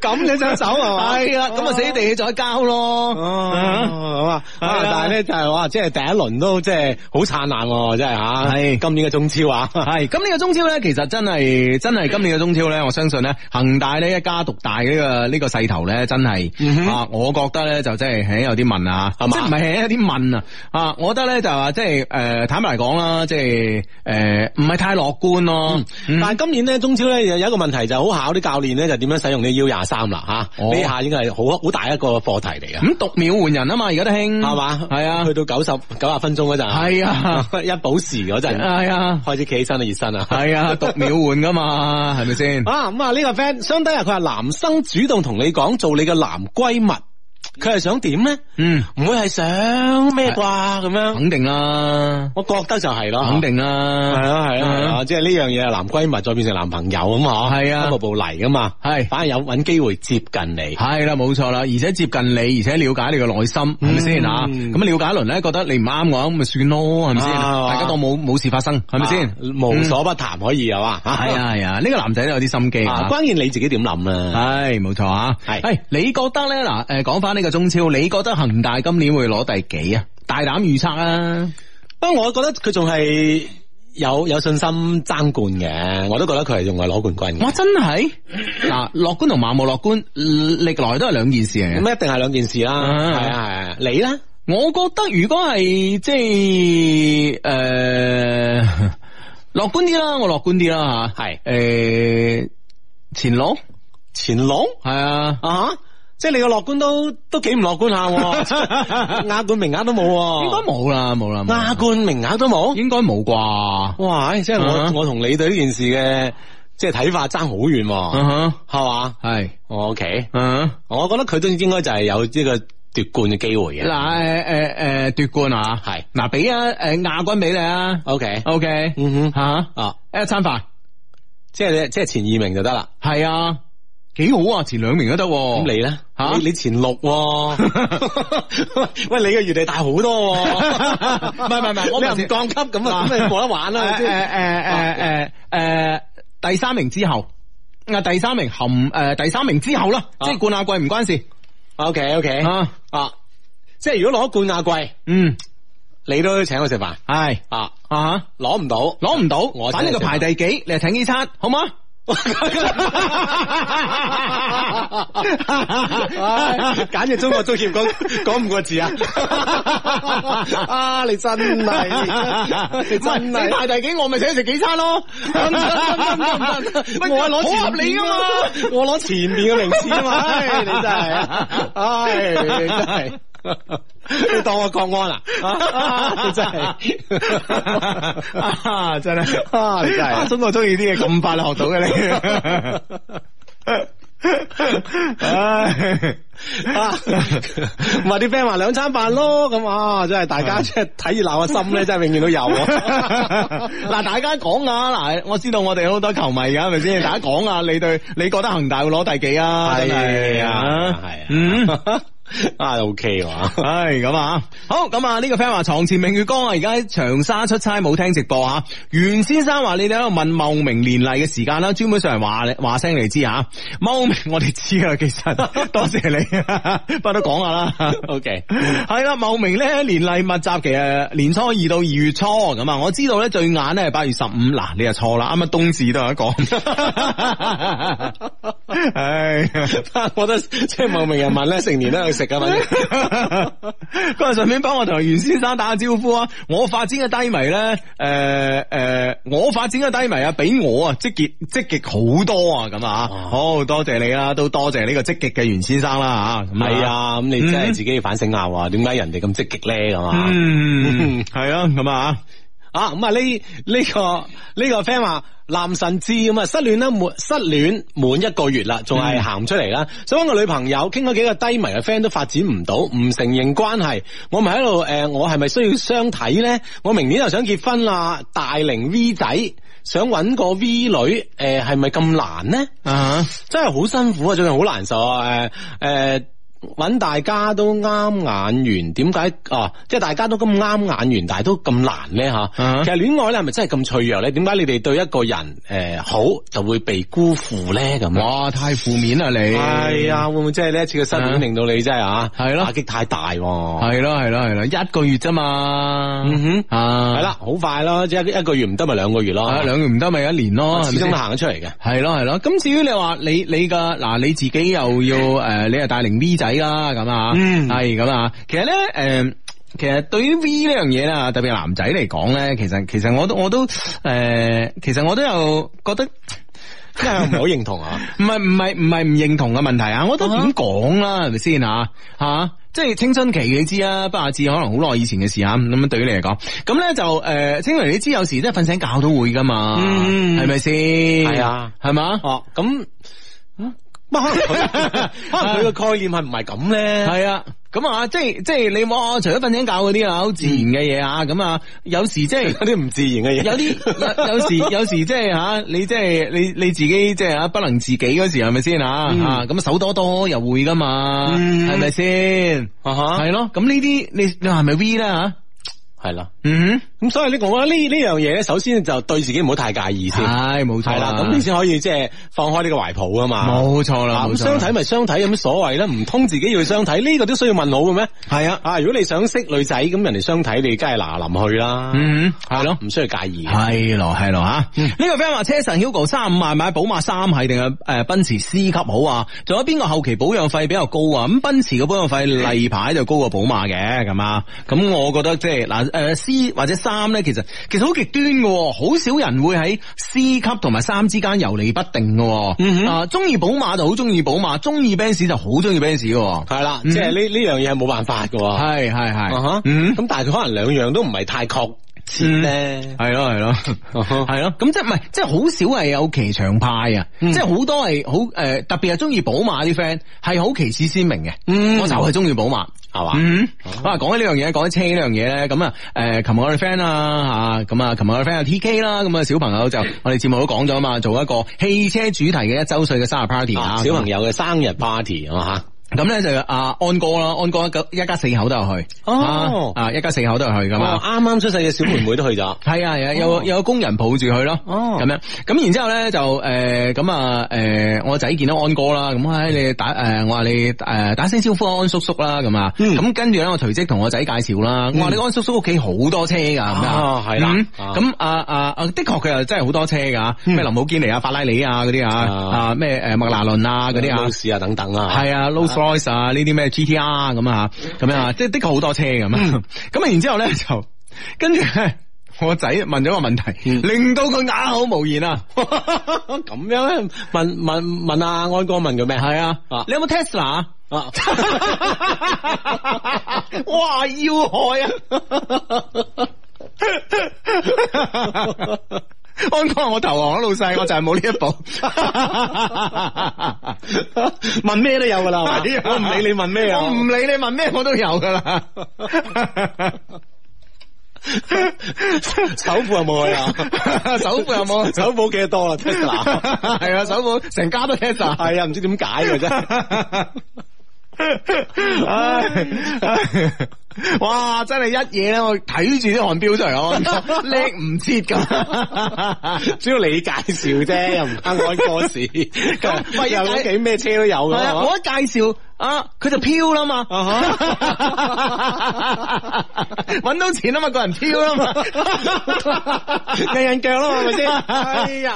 咁你手上 就手啊，嘛？係啊，咁啊死地再交咯。好啊，啊啊啊啊啊但係咧就係話，即係第一輪都即係好燦爛，真係吓。係今年嘅中超啊，係咁呢個中超咧，其實真係真係今年嘅中超咧，我相信咧、這個，恒、這、大、個、呢，一家獨大嘅呢個呢個勢頭咧，真係、嗯、哼啊，我覺得咧就真係、欸、有啲問啊，係嘛？即係唔係有啲問啊？啊，我覺得咧就話即係誒，坦白嚟講啦，即係誒，唔、呃、係太樂觀咯。嗯嗯、但係今年咧中超咧有一個問題就好考啲教練咧，就點、是、樣使用呢？到廿三啦吓，呢、哦、下應該係好好大一個課題嚟噶。咁、嗯、讀秒換人啊嘛，而家都興係嘛，係吧啊，去到九十九啊分鐘嗰陣，係啊，一補時嗰陣，係啊，是啊開始企起身啦，熱身是啊，係啊，讀秒換噶嘛，係咪先？啊，咁啊呢個 friend，相低啊，佢話男生主動同你講做你嘅男閨蜜。佢係想點咧？嗯，唔會係想咩啩咁樣？肯定啦，我覺得就係咯，肯定啦，係啊係啊，即係呢樣嘢，男閨蜜再變成男朋友咁嘛，係啊，一步步嚟噶嘛，係，反而有搵機會接近你，係啦，冇錯啦，而且接近你，而且了解你個內心，係咪先吓？咁啊了解一輪咧，覺得你唔啱我咁咪算咯，係咪先？大家當冇冇事發生，係咪先？無所不談可以係嘛？係啊係啊，呢個男仔都有啲心機，關鍵你自己點諗啊。係，冇錯啊，係，你覺得咧嗱？誒，講翻。呢個中超，你覺得恒大今年會攞第幾，膽預測啊？大膽預測啊！不過我覺得佢仲係有有信心爭冠嘅，我都覺得佢係仲係攞冠軍。哇！真係嗱，樂觀同盲目樂觀，歷來都係兩件事嚟，啊，咁一定係兩件事啦。係啊係啊，你咧？我覺得如果係即係誒樂觀啲啦，我樂觀啲啦吓，係誒是、呃、前浪前浪係啊啊！啊即係你個樂觀都都幾唔樂觀下，亞冠名額都冇，應該冇啦，冇啦，亞冠名額都冇，應該冇啩？哇！即係我我同你對呢件事嘅即係睇法差好遠，係嘛？係，OK，嗯，我覺得佢都應該就係有呢個奪冠嘅機會嘅。嗱，誒誒奪冠啊，係，嗱，俾啊，誒亞軍俾你啊，OK，OK，嗯哼，吓，啊，一餐飯，即係即係前二名就得啦，係啊。幾好啊！前兩名都得，咁你咧吓？你你前六，喂，你嘅餘地大好多，唔係唔係唔係，我唔降級咁啊，咁啊冇得玩啦，誒誒誒誒誒，第三名之後啊，第三名含誒，第三名之後啦，即係冠亞季唔關事，OK OK，啊即係如果攞冠亞季，嗯，你都請我食飯，係啊啊，攞唔到，攞唔到，反正個排第幾，你就請呢餐，好嘛？簡直、 哎、中國足協講講五個字啊！ 啊，你真係是你真係你排第幾，我咪請你食幾餐咯。 我係攞合理噶嘛？我攞前面嘅名次啊嘛！你真係啊、 哎，你真係。 你當我國安啊？真係真係你真係中國中意啲嘢咁快學到嘅你。唉啊！話啲 friend 話兩餐飯咯，咁啊，真係、啊啊啊啊啊、大家即係睇熱鬧嘅心咧，嗯、真係永遠都有。嗱、啊，大家講啊，嗱，我知道我哋好多球迷噶係咪先？大家講啊，你對你覺得恒大會攞第幾啊？係啊，係、嗯、啊，啊，OK 嘛？唉，咁啊，好，咁啊，呢個 friend 話床前明月光啊，而家喺長沙出差冇聽直播吓、啊。袁先生話你哋喺度問茂名年例嘅時間啦，專門上嚟話嚟話聲嚟知吓、啊。茂名我哋知啊，其實多謝你，不得講下啦。OK，係啦，茂名咧年例密集期啊，其實年初二到二月初咁啊。我知道咧最晏咧係八月十五，嗱你又錯啦，啱啱冬至都有一個。 唉，我覺得即係、就是、茂名人民咧成年咧。佢話順便幫我同袁先生打個招呼啊！我發展嘅低迷咧，誒、呃、誒、呃，我發展嘅低迷啊，比我啊積極積極好多啊！咁啊，好多謝你啦，都多謝呢個積極嘅袁先生啦啊！係啊、嗯，咁你真係自己要反省下，點解人哋咁積極咧？咁、嗯、啊，嗯，係啊，咁啊。啊，咁啊呢呢個呢、呢個 friend 話男神知咁啊，失戀啦，滿失戀滿一個月啦，仲係行唔出嚟啦。想搵，嗯、個女朋友，傾咗幾個低迷嘅 friend 都發展唔到，唔承認關係。我咪喺度誒，我係咪需要相睇咧？我明年又想結婚啦，大齡 V 仔，想搵個 V 女，誒係咪咁難咧？啊，真係好辛苦啊，最近好難受啊，誒、呃、誒。呃搵大家都啱眼緣，點解啊？即係大家都咁啱眼緣，但係都咁難呢？吓。其實戀愛咧係咪真係咁脆弱咧？點解你哋對一個人誒好就會被辜負咧？咁哇，太負面啦你。係啊，會唔會即係呢一次嘅失戀令到你真係啊？係咯，打擊太大。係咯，係咯，係咯，一個月啫嘛。嗯哼，係啦，好快咯，即一個月唔得咪兩個月咯，兩個月唔得咪一年咯，始終行得出嚟嘅。係咯，係咯。咁至於你話你你嘅嗱你自己又要誒，你係大齡 V 仔。係啦，咁啊、嗯，係咁啊。其實咧，誒、呃，其實對於 V 呢樣嘢啦，特別男仔嚟講咧，其實其實我都我都誒，其實我都有、呃、覺得唔好、呃、認同啊。唔係唔係唔係唔認同嘅問題啊。我都點講啦，係咪先吓吓？即係青春期，你知啊，不阿字可能好耐以前嘅事啊。咁樣對於你嚟講，咁咧就誒，呃、青春期你知，有時即係瞓醒覺都會噶嘛，係咪先？係啊，係嘛嗎？哦，咁。佢個 概念係唔係咁咧？係 啊，咁啊，啊，即係即係你望我除咗瞓醒覺嗰啲啊，好自然嘅嘢啊，咁啊，有時即係有啲唔自然嘅嘢， 有啲，有時有時即係吓，你即係你你自己即係啊，不能自己嗰時係咪先吓？嗯、啊，咁手多多又會噶嘛？係咪先？啊哈，係咯，咁呢啲你你係咪 V 啦？吓，係啦，嗯。咁所以咧，我覺得呢呢樣嘢咧，首先就對自己唔好太介意先。係冇錯，係啦，咁你先可以即係放開呢個懷抱啊嘛。冇錯啦，咁相睇咪相睇，有咩所謂咧？唔通自己要去相睇呢個都需要問腦嘅咩？係啊，啊，如果你想識女仔，咁人哋相睇你，梗係嗱臨去啦。嗯，係咯，唔需要介意。係咯，係咯嚇。呢個 friend 話車神 Hugo 三五萬買寶馬三系定係誒奔馳 C 級好啊？仲有邊個後期保養費比較高啊？咁奔馳嘅保養費例牌就高過寶馬嘅咁啊？咁我覺得即係嗱誒 C 或者三咧，其實其實好極端嘅，好少人會喺 C 級同埋三之間游離不定嘅，嗯啊哼，中意寶馬就好中意寶馬，中意奔馳就好中意奔馳嘅，係啦了，嗯、哼即係呢呢樣嘢係冇辦法嘅，係係係，啊哈，嗯哼，咁但係佢可能兩樣都唔係太確。先咧，係咯係咯，係咯、嗯，咁 了即係唔係，即係好少係有奇長派啊，即係好多係好誒，特別係中意寶馬啲 friend 係好旗幟鮮明嘅，嗯，我就係中意寶馬，係嘛，嗯，哇，講起呢樣嘢，講起車呢樣嘢咧，咁啊，誒，琴日我哋 friend 啊，吓，咁啊，琴日我哋 friend 啊 T K 啦，咁啊，小朋友就 我哋節目都講咗啊嘛，做一個汽車主題嘅一周歲嘅生日 party，啊、小朋友嘅生日 party 吧啊吓。啊啊咁咧就阿安哥啦，安哥一家四口都有去，哦、oh. 啊，啊一家四口都去噶嘛，啱啱、oh. 哦、出世嘅小妹妹都去咗，係 啊，有有工人抱住佢咯，哦，咁樣，咁然之後咧就誒咁啊誒我仔見到安哥啦，咁喺你打誒、呃、我話你誒打聲招呼安叔叔啦，咁啊，咁跟住咧我隨即同我仔介紹啦，我話你安叔叔屋企好多車噶、oh. 嗯，啊係啦，咁啊啊啊的確佢又真係好多車噶，咩、oh. 林寶堅尼啊法拉利啊嗰啲啊，啊咩誒麥拿倫啊嗰啲啊，勞斯啊等等啊，係啊，啊，呢啲咩 GTR 咁啊，咁樣啊，即係的確好多車咁。咁啊、嗯，然之後咧就跟住咧，我仔問咗個問題，嗯、令到佢啞口無言啊。咁樣問問問阿安哥問嘅咩？係啊，你有冇 Tesla 啊？哇，要害啊！啊啊安哥，我投降，老細，我就係冇呢一步。 問咩都有噶啦，啊、我唔理你問咩啊，我唔理你問咩，我都有噶啦 首付有冇 啊？首付有冇？首付幾多啊？Tesla，係啊，首付成家都 Tesla，係啊，唔知點解嘅啫。 哇！真係一嘢咧，我睇住啲韓標出嚟，我叻唔切㗎。主要你介紹啫，又唔關我事。又屋企咩車都有噶。我一介紹啊，佢就飄啦嘛。搵到錢啊嘛，個人飄啦嘛，人人腳咯，嘛。係咪先？哎呀！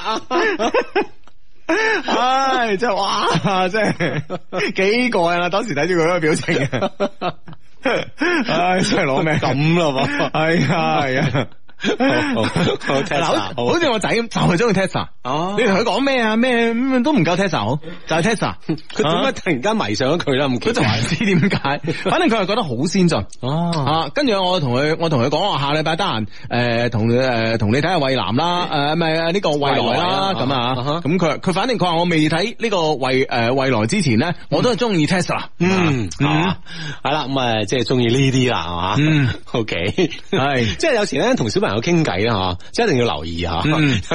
唉，真係哇！真係幾過癮啦，當時睇住佢嗰個表情。唉，真係攞命咁啦喎！哎呀，哎呀！好，好似我仔咁就係中意 Tesla 哦。你同佢講咩啊？咩都唔夠 Tesla 好，就係 Tesla。佢點解突然間迷上咗佢咧？佢就唔知點解。反正佢係覺得好先進哦。啊，跟住我同佢，我同佢講，我下禮拜得閒誒，同誒，同你睇下蔚藍啦，誒，咪呢個蔚來啦咁啊。咁佢佢，反正佢話我未睇呢個蔚誒蔚來之前咧，我都係中意 Tesla。嗯嗯，係啦，咁啊，即係中意呢啲啦，係嘛。嗯，OK，係，即係有時咧，同小。朋友傾偈啦吓，即係一定要留意吓，有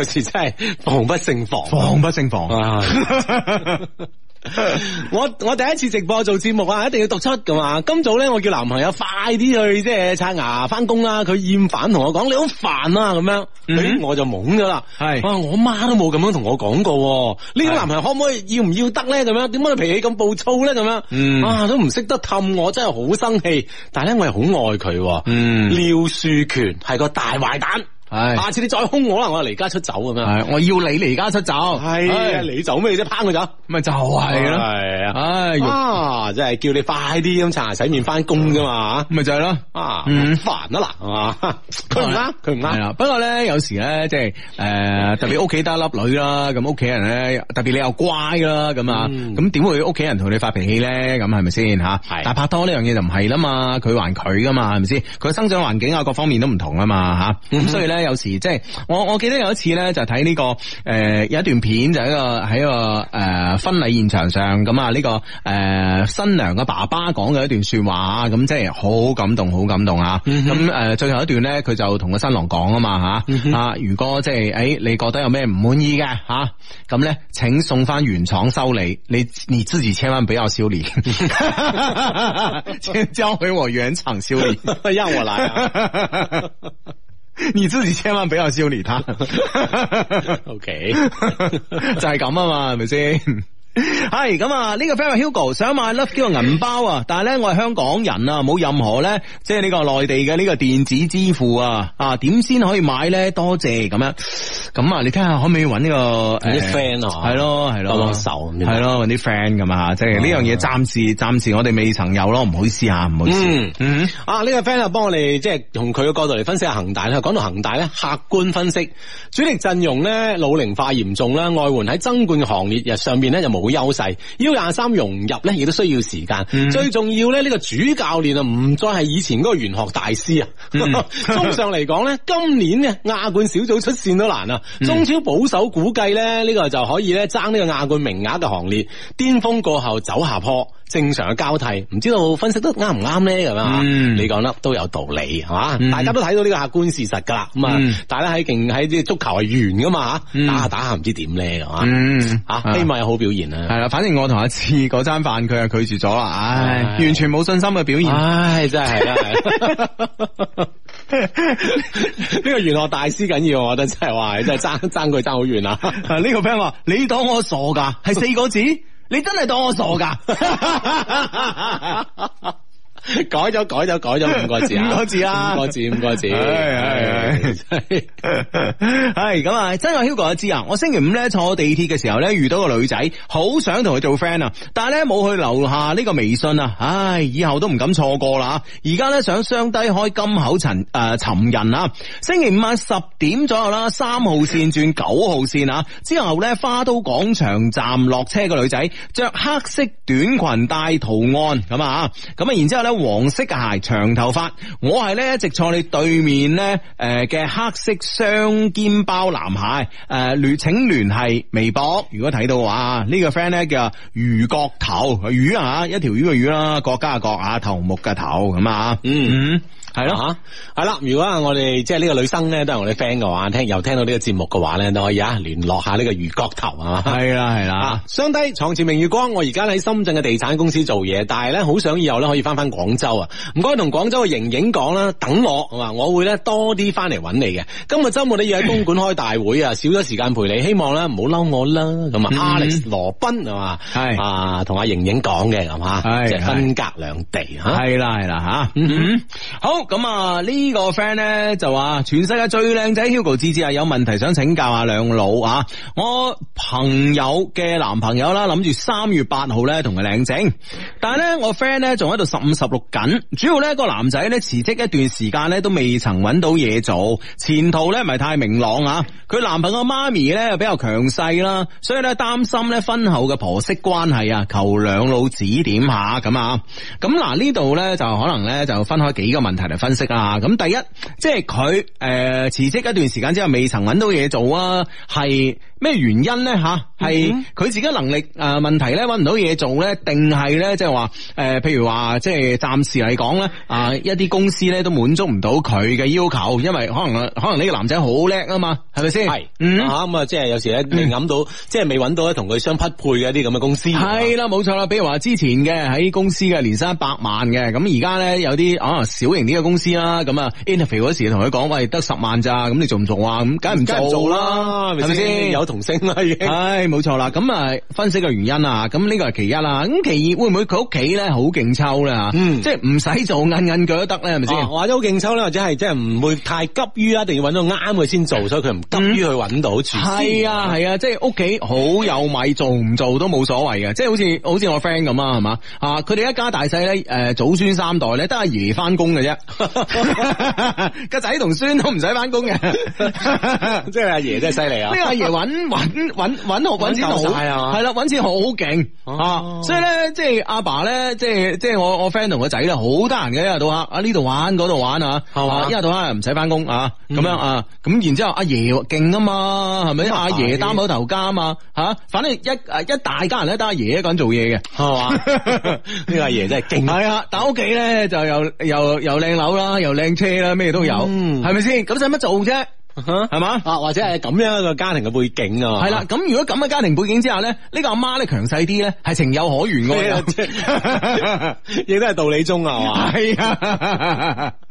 時、嗯、真係防不勝防，防不勝防。防 我我第一次直播做節目啊，一定要讀出噶嘛。今早咧，我叫男朋友快啲去即係刷牙翻工啦。佢厭煩同我講，你好煩啊，咁樣，mm hmm. 哎，我就懵咗啦。係是，哇，啊，我媽都冇咁樣同我講過。呢個男朋友可唔可以要唔要得咧？咁樣，點解佢脾氣咁暴躁咧？咁樣，嗯、mm，hmm. 啊，都唔識得氹我，真係好生氣。但係咧，我係好愛佢。Mm hmm. 廖樹權係個大壞蛋。下次你再兇我啦，我就離家出走咁樣。我要你離家出走，係你走咩啫？拏佢走，咪就係咯。係啊，唉，啊，即係叫你快啲咁擦洗面翻工噶嘛，咁咪就係咯。啊，煩啊嗱，係嘛，佢唔啱，佢唔啱。係不過咧有時咧，即係誒，特別屋企得一粒女啦，咁屋企人咧，特別你又乖啦，咁啊，咁點會屋企人同你發脾氣咧？咁係咪先吓？但拍拖呢樣嘢就唔係啦嘛，佢還佢噶嘛，係咪先？佢生長環境啊，各方面都唔同啊嘛，吓，所以咧。有時即係我我記得有一次咧就睇呢、這個誒、呃、有一段片就喺個喺個誒、呃、婚禮現場上咁，啊呢個誒、呃、新娘嘅爸爸講嘅一段說話，咁即係好感動好感動啊咁，誒、嗯哼呃、最後一段咧佢就同個新郎講啊嘛吓，啊如果即係誒、哎、你覺得有咩唔滿意嘅吓，咁咧請送翻原廠修理，你你自己車翻俾我修理先交回我原廠修理。讓 我來、啊。 你自己千萬不要修理他。OK，就係咁啊嘛，係咪先？係咁啊！呢、 那個 friend Hugo 想買 Love 呢個銀包啊，但係咧我係香港人啊，冇任何咧即係呢個內地嘅呢個電子支付啊啊，點先可以買咧？多謝咁樣。咁啊，你聽下可唔可以搵呢、這個啲 friend 啊？係咯，係咯、欸，手係咯，啲 friend 咁啊！即係呢樣嘢暫、就是、時暫時我哋未曾有咯，唔好意思吓，唔好意思。意思嗯，啊呢個 friend 啊，幫、這個、我哋即係從佢嘅角度嚟分析下恒大啦。講到恒大咧，客觀分析主力陣容咧老齡化嚴重啦，外援喺爭冠行列上邊咧就冇。嗯冇優勢，要廿三融入咧，亦都需要時間。嗯、最重要咧，呢、這個主教練啊，唔再係以前嗰個玄學大師啊。通常嚟講咧，今年呢，亞冠小組出線都難啊。中超保守估計咧，呢、這個就可以咧爭呢個亞冠名額嘅行列。巔峰過後走下坡。正常嘅交替，唔知道分析得啱唔啱咧咁啊！你講得都有道理，係嘛？大家都睇到呢個客觀事實噶啦，咁啊，大家喺勁喺啲足球係圓噶嘛打下打下唔知點咧，係嘛？啊，希望有好表現啊！係啦，反正我同阿志嗰餐飯佢又拒絕咗啦，唉，完全冇信心嘅表現，唉，真係係。呢個玄學大師緊要，我覺得真係話，真係爭爭佢爭好遠啊！啊，呢個 friend 話你當我傻噶，係四個字。你真係當我傻噶！改咗改咗改咗五,五個字啊！五個字啊，五個字，五個字。係係係，係咁啊！真係哎，哎，哎，哎，啊、哎哎！我星期五咧坐地鐵嘅時候咧遇到個女仔，好想同佢做 friend 啊，但係咧冇去留下呢個微信啊！唉、哎，以後都唔敢錯過啦！而家咧想雙低開金口尋誒、呃、尋人啊！星期五晚十點左右啦，三號綫轉九號綫啊！之後咧花都廣場站落車嘅女仔，着黑色短裙帶圖，圖案咁啊！咁啊，然之後咧。黃色嘅鞋、長頭髮，我係咧一直坐你對面咧，誒嘅黑色雙肩包男孩，誒聯請聯繫微博，如果睇到嘅話呢、這個 friend 咧，叫魚國頭魚啊，一條魚嘅魚啦，國家嘅國啊，頭目嘅頭咁啊，嗯嗯。係咯吓，係啦、啊。如果我哋即係呢個女生咧，都係我哋 friend 嘅話，聽又聽到這個節呢個節目嘅話咧，都可以啊聯絡一下呢個魚角頭係的啊。係啦係啦，相低，床前明月光，我而家喺深圳嘅地產公司做嘢，但係咧好想以後咧可以翻翻廣州啊。唔該，同廣州嘅瑩瑩講啦，等我我會咧多啲翻嚟搵你嘅。今日周末你要喺公館開大會啊， 少咗時間陪你，希望咧唔好嬲我啦。咁啊，Alex 羅賓係嘛，係的啊，同阿瑩瑩講嘅係嘛，即係的分隔兩地吓。係啦係啦吓，是是啊、 好。咁啊，呢個 friend 咧，就話全世界最靚仔 Hugo 芝芝啊，有問題想請教下兩老啊。我朋友嘅男朋友啦，諗住三月八號咧，同佢領證，但係咧我 friend 咧仲喺度十五十六緊。主要咧個男仔咧辭職一段時間咧都未曾揾到嘢做，前途咧唔係太明朗啊。佢男朋友嘅媽咪咧比較強勢啦，所以咧擔心咧婚後嘅婆媳關係啊，求兩老指點下咁啊。咁嗱呢度咧就可能咧就分開幾個問題嚟分析啊，咁第一，即係佢誒辭職嗰段時間之後，未曾揾到嘢做啊，係。咩原因咧？吓，係佢自己能力問題咧，揾唔到嘢做咧，定係咧即係話誒，譬如話即係暫時嚟講咧，啊一啲公司咧都滿足唔到佢嘅要求，因為可能可能呢個男仔好叻啊嘛，係咪先？係是，咁、嗯、啊，即係有時一未諗到，嗯、即係未揾到同佢相匹配嘅一啲咁嘅公司。係啦，冇錯啦，比如話之前嘅喺公司嘅年薪一百萬嘅，咁而家咧有啲小型啲嘅公司啦，咁啊 Interview 嗰時同佢講，喂得十萬咋，咁你做唔做啊？咁梗係唔做啦，係咪先？吧有。紅星、 哎、啦，係冇錯啦。咁啊，分析個原因啊，咁呢個係其一啦。咁其二會唔會佢屋企咧好勁抽咧？嗯，即韌韌呢，即係唔使做硬硬舉都得咧，係咪先？或者好勁抽咧，或者係即係唔會太急於一定要揾到啱佢先做，所以佢唔急於去揾到。係、嗯、啊，係啊，啊，即係屋企好有米，做唔做都冇所謂嘅。即係好似好似我 friend 咁啊，係嘛啊，佢哋一家大細咧，誒，祖孫三代咧，得阿爺翻工嘅啫，個仔同孫都唔使翻工嘅，即係阿爺真係犀利啊！呢個阿爺揾搵搵搵我搵錢好係啦，搵錢好勁、oh. 啊！所以咧，即係阿爸咧，即係即係我我 friend 同個仔咧，好得閒嘅一日到黑，啊呢度玩嗰度玩啊，係嘛一日到黑唔使翻工啊，咁樣啊，咁、嗯啊、然之後阿爺勁啊爺爺嘛，係咪？阿爺擔口頭家啊吓、啊，反正一一大家人都得阿爺一個人做嘢嘅，係嘛？呢個阿爺真係勁，係啊！爺爺但屋企咧就又又又靚樓啦，又靚車啦，咩都有，係咪先？咁使乜做啫？係嘛啊，吧啊？或者係咁樣嘅一個家庭嘅背景啊？係啦了，咁吧如果咁嘅家庭背景之下咧，呢、呢個阿媽咧強勢啲咧，係情有可原嘅，亦、啊、都係道理中啊？係啊。的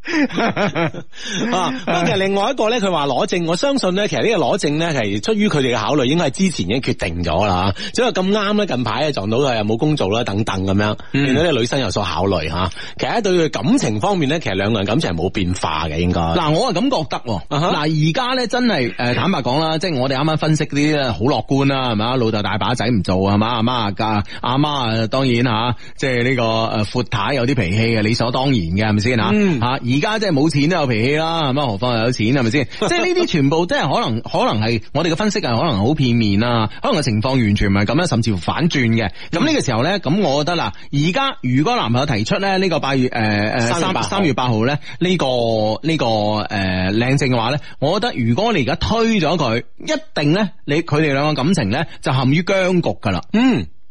啊，咁其實另外一個咧，佢話攞證，我相信咧，其實呢個攞證咧係出於佢哋嘅考慮，應該係之前已經決定咗啦。吓，因為咁啱咧，近排啊撞到佢，又冇工做啦，等等咁樣，令到呢個女生有所考慮吓。其實喺對佢感情方面咧，其實兩個人感情係冇變化嘅。應該嗱，我係咁覺得。嗱，而家咧真係誒，坦白講啦，即係我哋啱啱分析啲好樂觀啦，係嘛，老豆大把仔唔做啊，媽阿媽啊，阿媽啊，當然吓，即係、這、呢個誒闊太有啲脾氣嘅，理所當然嘅，係咪先吓吓？嗯而家即係冇錢都有脾氣啦，係咪？何況又有錢係咪先？是是 即係呢啲全部即係可能，可能係我哋嘅分析係可能好片面啊，可能嘅情況完全唔係咁樣，甚至乎反轉嘅。咁呢、嗯、個時候咧，咁我覺得啦，而家如果男朋友提出咧，呢個八月誒、誒三三月八號咧呢個呢、呢個誒領證嘅話咧，我覺得如果你而家推咗佢，一定咧，你佢哋兩個感情咧就陷於僵局噶啦，嗯。冇冇得掹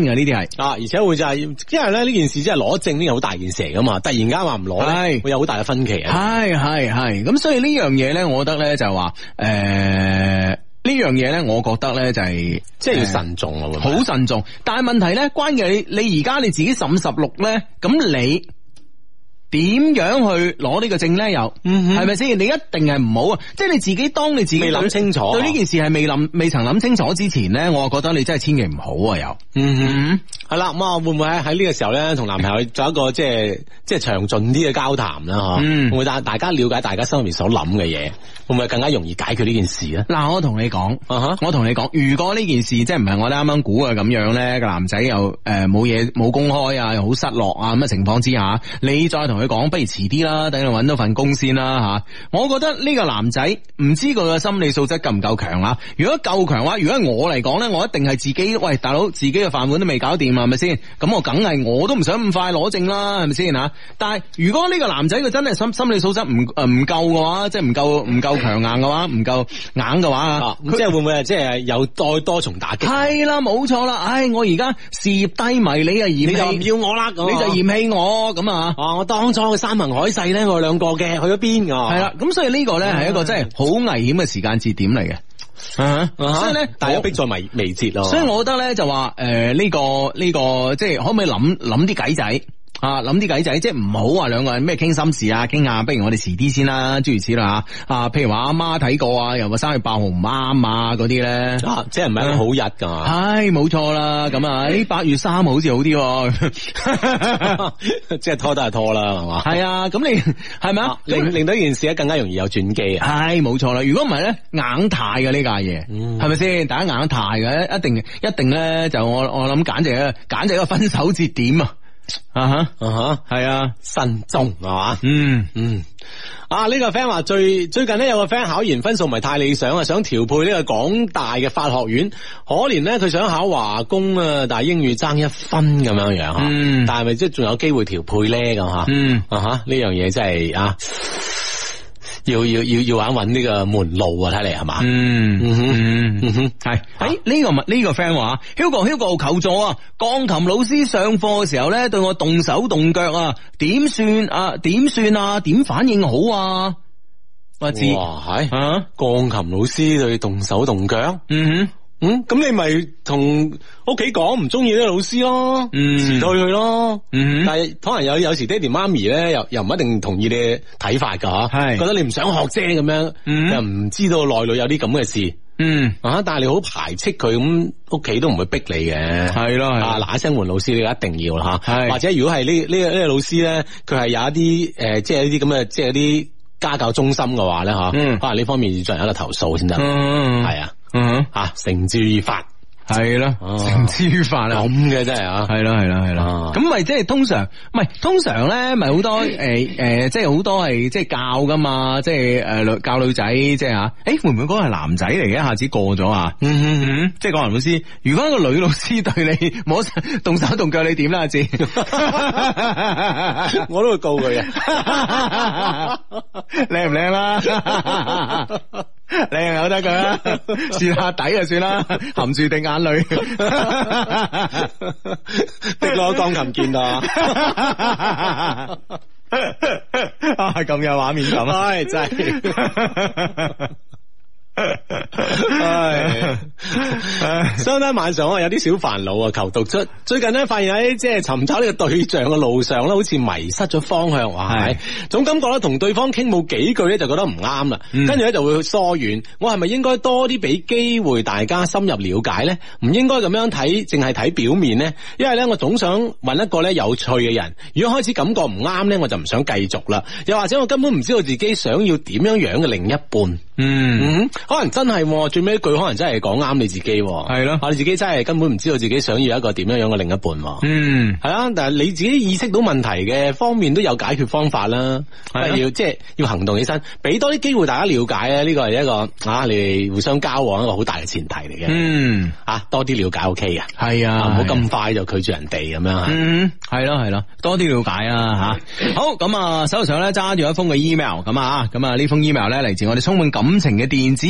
嘅呢啲係啊，而且會就係、是，因為咧呢件事即係攞證呢好大件事嚟噶嘛，突然間話唔攞會會有好大嘅分歧啊！係係係，咁所以呢樣嘢咧，我覺得咧就係話誒呢樣嘢咧，呃這個、我覺得咧就係、是、即係要慎重咯，好、呃、慎重。但係問題咧，關鍵你而家你,你自己十五十六咧，咁你。點樣去攞呢個證咧？又係咪先？你一定係唔好啊！即係你自己當你自己諗清楚，對呢件事係未諗、未曾諗清楚之前咧，我啊覺得你真係千祈唔好啊！又嗯哼，係啦、嗯哼，咁啊會唔會喺呢個時候咧，同男朋友做一個 即係即係詳盡啲嘅交談啦？嗬、嗯，會唔會大大家了解大家心裏面所諗嘅嘢，會唔會更加容易解決呢件事咧？嗱、啊哈，我同你講，我同你講，如果呢件事即係唔係我哋啱啱估嘅咁樣咧，個男仔又誒冇嘢冇公開啊，又好失落啊咁嘅情況之下，你再同佢。佢講不如遲啲啦，等佢搵到份工先啦吓。我覺得呢個男仔唔知佢嘅心理素質夠唔夠強啦。如果夠強嘅話，如果我嚟講咧，我一定係自己喂，大佬，自己嘅飯碗都未搞掂啊，係咪先？咁我梗係我都唔想咁快攞證啦，係咪先吓？但係如果呢個男仔佢真係心心理素質唔誒唔夠嘅話，即係唔夠唔夠強硬嘅話，唔夠硬嘅話，即係會唔會啊？他即係有再多，多重打擊？係啦，啊，冇錯啦。唉，我而家事業低迷，你啊，你就唔要我啦，你就嫌棄我咁啊？啊，我當。咁嘅山盟海誓咧，我兩個嘅去咗邊啊？係啦，咁所、uh huh. uh huh. 所以呢個咧係一個真係好危險嘅時間節點嚟嘅，所以咧大家逼在眉眉睫咯。我所以我覺得咧就話誒呢個呢、呢個即係可唔可以諗諗啲計仔？啊諗啲計仔，即係唔好話兩個人咩傾心事啊，傾下，不如我哋遲啲先啦，啊，諸如此類啊。啊譬如話阿媽睇過啊，又話三月八號唔啱啊，嗰啲咧即係唔係好日噶。係冇錯啦，咁啊，八，哎哎，月三號好似好啲，啊， 即係拖都係拖啦，係嘛？係啊，咁你係咪啊？令，那令到一件事更加容易有轉機啊？係冇錯啦，如果唔係咧硬太嘅，嗯、呢架嘢，係咪先？大家硬太嘅一定一定咧就我我諗簡直咧簡直一個分手節點啊！啊哈啊哈，係、uh huh, uh huh, 啊，慎重係嘛，嗯嗯，啊呢個 friend 話最最近咧有個 friend 考研分數唔係太理想啊，想調配呢個港大嘅法學院，可憐咧佢想考華工啊，但係英語爭一分咁樣樣，吓。嗯，但係咪即係仲有機會調配咧咁吓，嗯啊吓，呢樣嘢真係啊。要要要要玩揾呢個門路啊！睇嚟係嘛，嗯哼嗯哼，係，誒呢個呢個 friend 話，Hugo Hugo 求助啊，鋼琴老師上課嘅時候咧對我動手動腳啊，點算啊點算啊點反應好啊，我知係啊，鋼琴老師對動手動腳，嗯哼。咁、嗯、你咪同屋企講唔中意呢個老師，嗯、對咯，辭退佢咯。但係可能有有時爹哋媽咪咧，又又唔一定同意你嘅睇法噶吓，係是覺得你唔想學啫咁樣。嗯、又唔知道內裏有啲咁嘅事。嗯，啊，但係你好排斥佢咁，屋企都唔會逼你嘅。係咯，啊，嗱一聲換老師你一定要啦吓。啊、是或者如果係呢呢呢個老師咧，佢係有一啲誒，即係呢啲咁嘅，即係啲家教中心嘅話咧吓，啊嗯、可能呢方面要進行一個投訴先得。係啊、嗯嗯嗯。嗯吓，啊、繩之於法係啦了、啊、繩之於法啊，咁嘅真係啊，係啦係啦係啦，咁咪即係通常，唔係通常咧，咪好多誒誒，即係好多係即係教噶嘛，即係誒教女仔，即係吓，誒、欸、會唔會嗰個係男仔嚟嘅，一下子過咗啊？嗯嗯嗯，即係講人老師，如果個女老師對你摸動手動腳，你點啦，阿志？我都會告佢嘅，靚唔靚啦？ 你又有得佢啦，蝕下底就算啦，含住定眼淚，滴落鋼琴鍵度，咁、 啊、有畫面感啊真係。哎 唉， 相對晚上我有啲小煩惱啊，求讀出。最近呢，發現喺即係尋找呢個對象嘅路上咧，好似迷失咗方向，係唉總感覺咧同對方傾冇幾句咧就覺得唔啱啦，跟住咧就會去疏遠。我係咪應該多啲俾機會大家深入了解呢？唔應該咁樣睇，淨係睇表面呢。因為呢，我總想揾一個咧有趣嘅人。如果開始感覺唔啱呢，我就唔想繼續啦。又或者我根本唔知道自己想要點樣樣嘅另一半。嗯。嗯可能真係最尾一句，可能真係講啱你自己係咯，你的自己真係根本唔知道自己想要一個點樣樣嘅另一半。嗯，係啦，但係你自己意識到問題嘅方面都有解決方法啦，係的要即係、就是、要行動起身，俾多啲機會大家了解啊！呢個係一個啊你哋互相交往一個好大嘅前提嚟嘅。嗯，啊多啲了解 O K 嘅，係啊，唔好咁快就拒絕人哋咁樣嗯，係咯係咯，多啲了解啊吓的、啊。好咁啊，手頭上咧揸住一封嘅 email 咁啊咁啊呢封 email 咧嚟自我哋充滿感情嘅電子。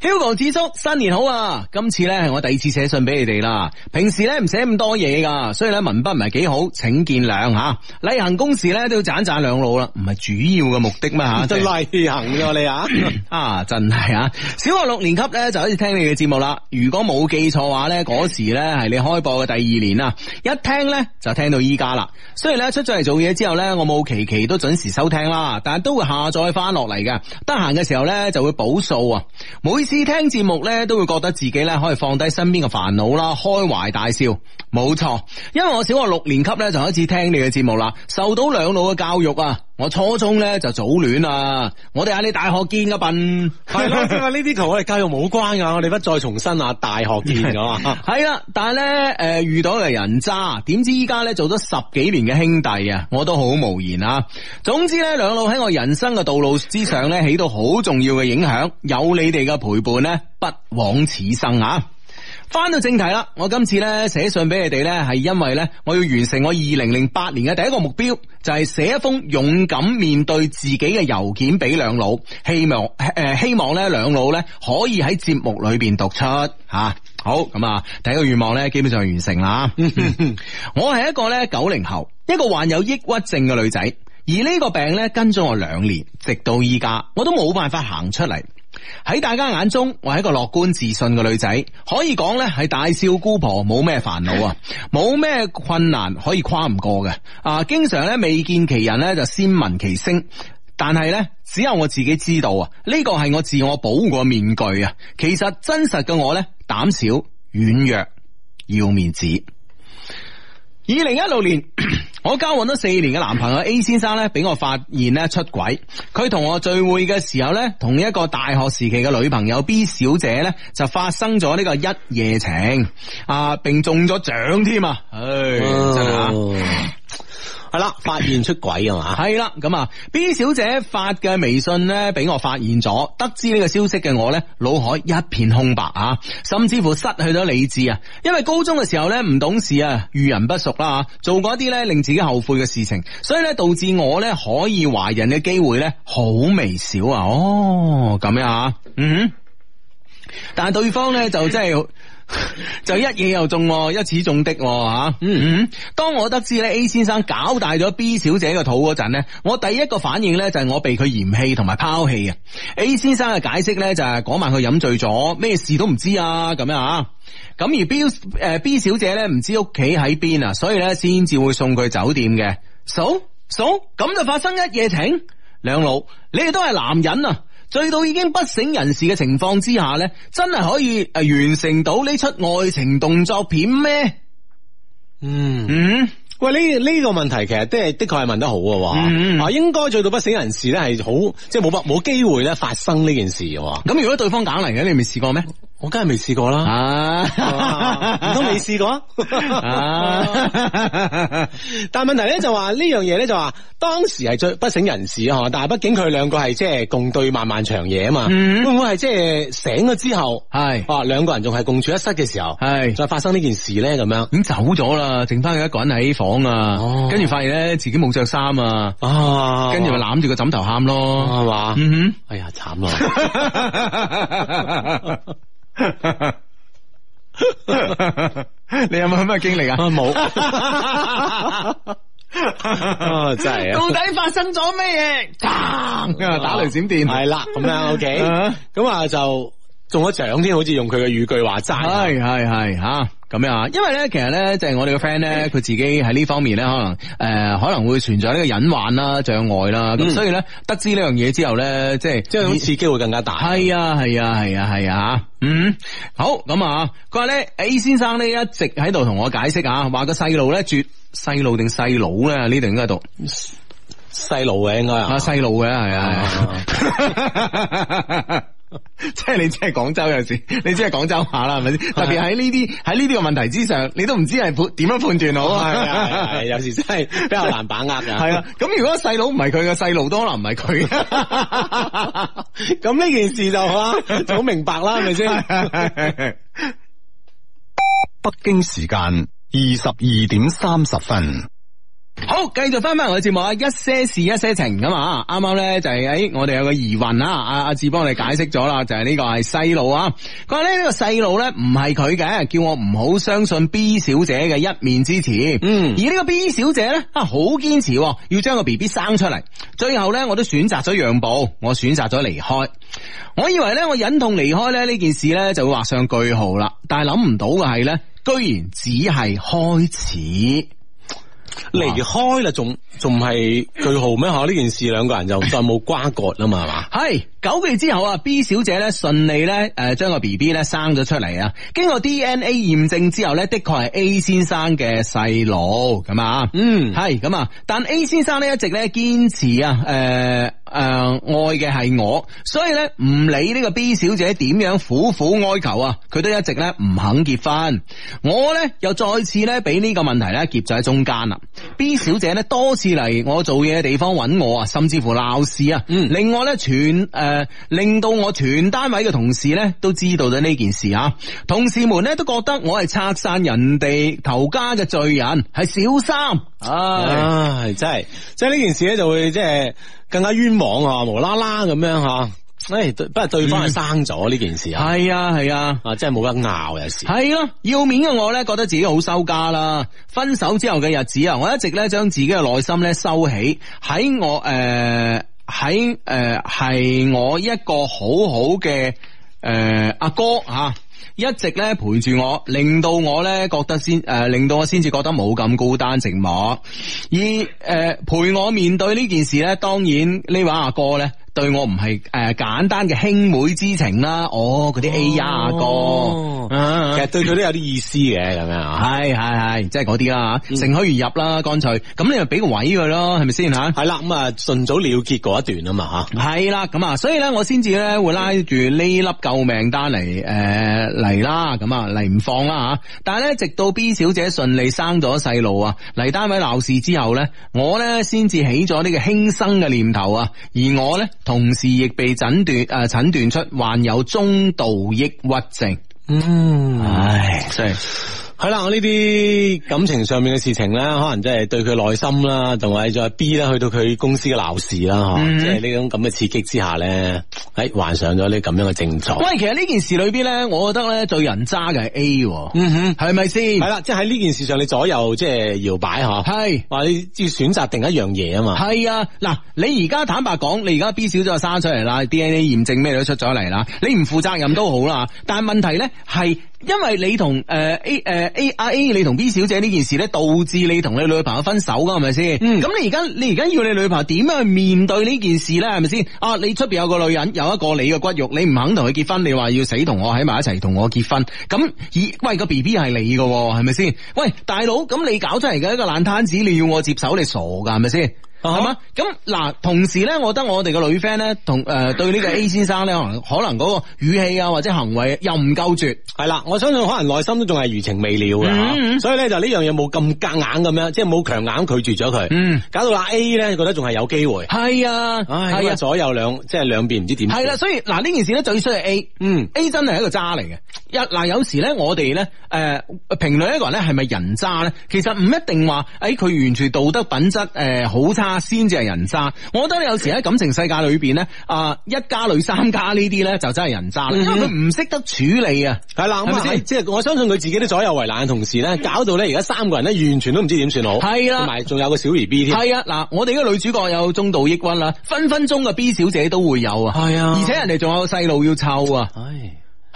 Hugo 子叔新年好啊！今次呢，係我第二次寫信俾你哋啦。平時呢，唔寫咁多嘢噶，所以呢，文筆唔係幾好，請見諒吓。例行公事呢，都要賺一賺兩老啦，唔係主要嘅目的嘛。吓？真例行咋你啊？ 啊，真係啊！小學六年級呢，就開始聽你嘅節目啦。如果冇記錯話呢，嗰時呢，係你開播嘅第二年啦。一聽呢，就聽到依家啦。雖然呢，出咗嚟做嘢之後呢，我冇期期都準時收聽啦，但係都會下載翻落嚟㗎。得閒嘅時候呢，就會補數啊。每次聽節目咧，都會覺得自己咧可以放低身邊嘅煩惱啦，開懷大笑。冇錯，因為我小學六年級咧就開始聽你嘅節目啦，受到兩老嘅教育啊。我初中咧就早戀啊，我哋喺你大學見嗰笨。 係咯，呢啲同我哋教育冇關啊，我哋不再重新啊。大學見咗啊，係啦，但係咧誒遇到嘅人渣，點知依家咧做咗十幾年嘅兄弟啊，我都好無言啊。總之咧，兩老喺我人生嘅道路之上咧，起到好重要嘅影響，有你哋嘅陪伴咧，不枉此生啊！翻到正題啦，我今次呢，寫信俾你哋呢，係因為呢，我要完成我二零零八年嘅第一個目標，就係、是、寫一封勇敢面對自己嘅郵件俾兩老，希望誒、呃、希望呢兩老呢，可以喺節目裏邊讀出吓、啊。好，咁啊第一個願望呢，基本上完成啦。 我係一個呢九零後，一個患有抑鬱症嘅女仔，而呢個病呢，跟咗我兩年，直到依家我都冇辦法行出嚟。喺大家眼中，我係一個樂觀自信嘅女仔，可以講呢係大笑姑婆，沒什麼煩惱，冇咩煩惱啊，冇咩困難可以跨唔過嘅。啊，經常呢，未見其人呢就先聞其聲，但係呢，只有我自己知道啊，呢個係我自我保護嘅面具啊，其實真實嘅我呢，膽小軟弱，要面子。二零一六年。我交往咗四年嘅男朋友 A 先生咧，俾我發現咧出軌。佢同我聚會嘅時候咧，同一個大學時期嘅女朋友 B 小姐咧，就發生咗呢個一夜情，啊，並中咗獎添啊！唉，真係啊！Oh. 係啦，發現出軌啊嘛，係啦，咁 啊，B 小姐發嘅微信呢俾我發現咗，得知呢個消息嘅我呢，腦海一片空白啊，甚至乎失去咗理智啊，因為高中嘅時候呢，唔懂事啊，遇人不淑啦，做嗰啲呢令自己後悔嘅事情，所以呢，導致我呢可以懷孕嘅機會呢好微小啊，哦，咁樣啊，嗯哼，但係對方呢，就真係。 就一夜又中，啊，一次中的吓，啊。嗯嗯，當我得知咧 A 先生搞大咗 B 小姐嘅肚嗰陣呢，我第一個反應呢就係我被佢嫌棄同埋拋棄。A 先生嘅解釋呢就係嗰晚佢飲醉咗，咩事都唔知啊，咁樣啊。咁而 B 誒 B 小姐呢唔知屋企喺邊啊，所以呢先至會送佢酒店嘅。嫂嫂，咁就發生一夜情，兩老你哋都係男人啊！醉到已經不省人事嘅情況之下咧，真係可以誒完成到呢出愛情動作片咩？嗯嗯，喂呢呢、這個問題其實都係的確係問得好嘅。啊、嗯嗯、應該醉到不省人事咧係好即係冇冇機會咧發生呢件事嘅，咁如果對方揀嚟嘅，你未試過咩？我梗係未試過啦，唔通未試過？但係問題咧，就話呢樣嘢咧，就話當時係最不省人事啊！但係畢竟佢兩個係即係共對漫漫長夜啊嘛，會唔會係即係醒咗之後係哦兩個人仲係共處一室嘅時候係就發生呢件事咧，咁樣咁走咗啦，剩翻佢一個人喺房啊，跟住發現咧自己冇着衫啊，跟住咪攬住個枕頭喊咯，係嘛？嗯哼，哎呀慘咯！ 你有冇咁嘅經歷啊？冇，真係到底發生咗咩嘢？ 打閃電、打雷閃電係啦，咁樣 OK，咁啊 就中咗獎添，好似用佢嘅語句話齋，係係係吓。咁樣啊，因為咧，其實咧，就係我哋個 friend 咧，佢自己喺呢方面咧，可能誒，可能會存在呢個隱患啦、障礙啦，咁、嗯、所以咧，得知呢樣嘢之後咧，即係即係種刺激會更加大。係啊，係啊，係啊，係啊，啊，嗯，好，咁啊，佢話咧，A 先生咧一直喺度同我解釋啊，話個細路咧，絕細路定細佬咧，呢度應該讀細路嘅，應該啊，細路嘅係啊。啊啊 即係你，真係廣州有時，你真係廣州話啦，係咪先？啊、特別喺呢啲喺呢啲嘅問題之上，你都唔知係判點樣判斷好，係、啊啊啊、有時真係比較難把握噶。係啊，咁如果細佬唔係佢嘅細路，細佬多喇唔係佢。咁呢 件事就好啦就好明白啦，係咪先？北京時間二十二點三十分。好，繼續翻翻我嘅節目啊！一些事，一些情咁、就是、啊，啱啱咧就係誒，我哋有個疑雲啊。阿阿志幫我哋解釋咗啦，就係、是、呢個係細路啊。佢話咧呢個細路咧唔係佢嘅，叫我唔好相信 B 小姐嘅一面之詞。嗯，而呢個 B 小姐咧啊，好堅持要將個 B B 生出嚟。最後咧，我都選擇咗讓步，我選擇咗離開。我以為咧，我忍痛離開咧呢件事咧就會畫上句號啦，但係諗唔到嘅係咧，居然只係開始。離開啦，仲仲係句號咩？吓，呢件事，兩個人就再冇瓜葛啦嘛，係嘛？ 係。九個月之後啊，B 小姐咧順利咧誒將個 B B 咧生咗出嚟啊，經過 D N A 驗證之後咧，的確係 A 先生嘅細佬咁啊，嗯係咁啊，但 A 先生咧一直咧堅持啊，誒、呃、誒、呃、愛嘅係我，所以咧唔理呢個 B 小姐點樣苦苦哀求啊，佢都一直咧唔肯結婚。我咧又再次咧俾呢個問題咧夾咗喺中間啦。B 小姐咧多次嚟我做嘢嘅地方揾我啊，甚至乎鬧事啊，嗯，另外咧全。誒、呃。令到我全單位嘅同事咧都知道咗呢件事啊，同事們咧都覺得我係拆散人哋頭家嘅罪人，係小三。唉，真係，即係呢件事咧就會即係更加冤枉、哎、軟啊，無啦啦咁樣吓。唉，不過對方係生咗呢件事啊，係啊係啊，啊真係冇得拗有時。係咯，要面嘅我咧覺得自己好收家啦。分手之後嘅日子啊，我一直咧將自己嘅內心咧收起喺我誒。呃喺誒係我一個很好好嘅誒阿哥吓、啊，一直咧陪住我，令到我咧覺得先誒、呃，令到我先至覺得冇咁孤單寂寞。而誒、呃、陪我面對呢件事咧，當然這、啊、呢位阿哥咧。對我唔係誒簡單嘅兄妹之情啦，哦，嗰啲 A R 阿哥，其實、哦啊啊、對佢都有啲意思嘅咁樣，係係係，即係嗰啲啦乘虛而入啦，乾脆咁你咪俾個位佢咯，係咪先吓？係啦、嗯，咁啊、嗯，順早了結嗰一段啊嘛吓。係啦，咁啊，所以咧，我先至咧會拉住呢粒救命單嚟誒嚟啦，咁啊嚟唔放啦吓。但係咧，直到 B 小姐順利生咗細路啊，嚟單位鬧事之後咧，我咧先至起咗呢個輕生嘅念頭啊，而我咧。同時亦被診斷誒，診斷出患有中度抑鬱症。嗯，唉，真係。係啦，我呢啲感情上面嘅事情咧，可能即係對佢內心啦，同埋再 B 啦，去到佢公司嘅鬧事啦，吓、嗯哼，即係呢種咁嘅刺激之下咧，喺患上咗呢咁樣嘅症狀。喂，其實呢件事裏邊咧，我覺得咧最人渣嘅係 A，嗯哼，係咪先？係啦，即係喺呢件事上，你左右即係搖擺下，係是，話你要選擇定一樣嘢啊嘛。係啊，嗱，你而家坦白講，你而家 B 小姐生出嚟啦，DNA 驗證咩都出咗嚟啦，你唔負責任都好啦，但係問題咧係。因為你同誒 A 誒 A 啊 A, A，你同 B 小姐呢件事咧，導致你同你女朋友分手噶，係咪先？嗯，咁你而家你而家要你女朋友點樣去面對呢件事咧，係咪先？啊，你出邊有個女人，有一個你嘅骨肉，你唔肯同佢結婚，你話要死同我喺埋一齊，同我結婚，咁以喂個 B B 係你嘅，係咪先？喂，大佬，咁你搞出嚟嘅一個爛攤子，你要我接手，你傻噶，係咪先？是啊，係嘛？咁嗱，同時咧，我覺得我哋個女 friend 咧，同誒、呃、對呢個 A 先生咧，可能嗰個語氣啊或者行為又唔夠絕，係啦，我相信可能內心都仲係餘情未了嘅、嗯啊、所以咧就呢樣嘢冇咁夾硬咁樣，即係冇強硬拒絕咗佢，嗯，搞到啦 A 咧覺得仲係有機會，係啊，係唉啊，左右兩即係兩邊唔知點，係啦、啊，所以嗱呢件事咧最衰係 A，嗯，A 真係一個渣嚟嘅，一嗱有時咧我哋咧誒評論一個人咧係咪人渣咧，其實唔一定話誒佢完全道德品質誒好差。先至係人渣，我覺得你有時喺感情世界裏邊咧，啊一家女三家呢啲咧就真係人渣，嗯、因為佢唔識得處理啊。係啦的，咁咪先？即係我相信佢自己都左右為難嘅，同時咧搞到咧而家三個人咧完全都唔知點算好。係啦的，同埋仲有一個小 B B 添。係啊的，嗱，我哋依家女主角有中度抑鬱啦，分分鐘嘅 B 小姐都會有啊。係啊的，而且人哋仲有個細路要湊啊。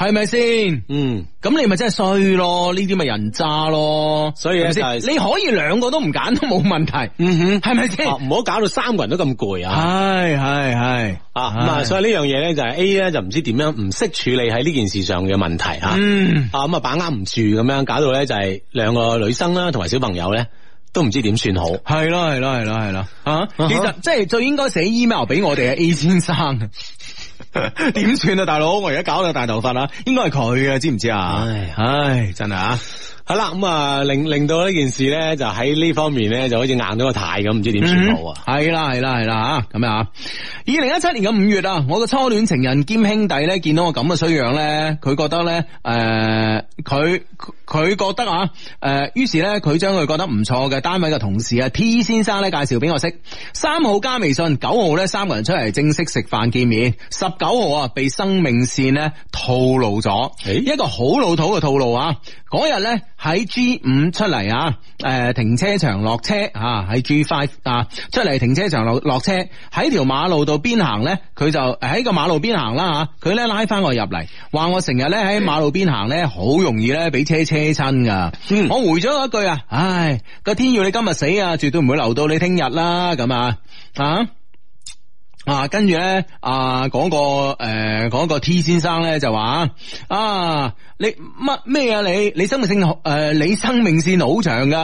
係咪先？是是嗯，咁你咪真係衰咯，呢啲咪人渣咯。所以係、就是，你可以兩個都唔揀都冇問題。嗯哼，係咪先？唔好搞到三個人都咁攰啊！係係係啊！咁是所以呢樣嘢咧就係 A 咧就唔知點樣，唔識處理喺呢件事上嘅問題、嗯、啊！啊咁啊，把握唔住，咁樣搞到咧就係兩個女生啦，同埋小朋友咧都唔知點算好。係咯係咯係咯係咯啊！啊其實即係、就是、最應該寫 email 俾我哋嘅 A 先生。.點算 啊，大佬！我而家搞到大頭發啦，應該係佢啊，知唔知啊？唉，唉，真係啊！好啦，咁啊、嗯，令令到呢件事咧，就喺呢方面咧，就好似硬咗個太咁，唔知點算好啊！係啦、嗯，係啦，係啦吓，咁啊，二零一七年嘅五月啊，我個初戀情人兼兄弟咧，見到我咁嘅衰樣咧，佢覺得咧，誒、呃，佢佢覺得啊，誒、呃，於是咧，佢將佢覺得唔錯嘅單位嘅同事啊，T 先生咧，介紹俾我識，三號加微信，九號咧，三個人出嚟正式食飯見面，十九號啊，被生命線咧套路咗，欸、一個好老土嘅套路啊！嗰日咧喺 G 五出嚟啊，誒，停車場落車啊，喺 G five 啊，出嚟停車場落落車，喺條馬路度邊行咧，佢就喺個馬路邊行啦吓，佢咧拉翻我入嚟，話我成日咧喺馬路邊行咧，好容易咧俾車車親㗎，我回咗一句啊，唉，個天要你今日死啊，絕對唔會留到你聽日啦，咁啊，啊。啊，跟住咧，啊，講個個誒，呃、講個 T 先生咧就話啊，你乜咩啊你？你生命線誒、呃，你生命線好長噶，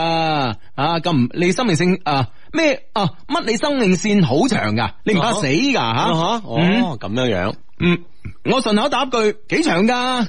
啊咁，你生命線啊咩啊乜？你生命線好長噶，你唔怕死噶吓？吓哦，咁樣樣，嗯，我順口答句幾長噶。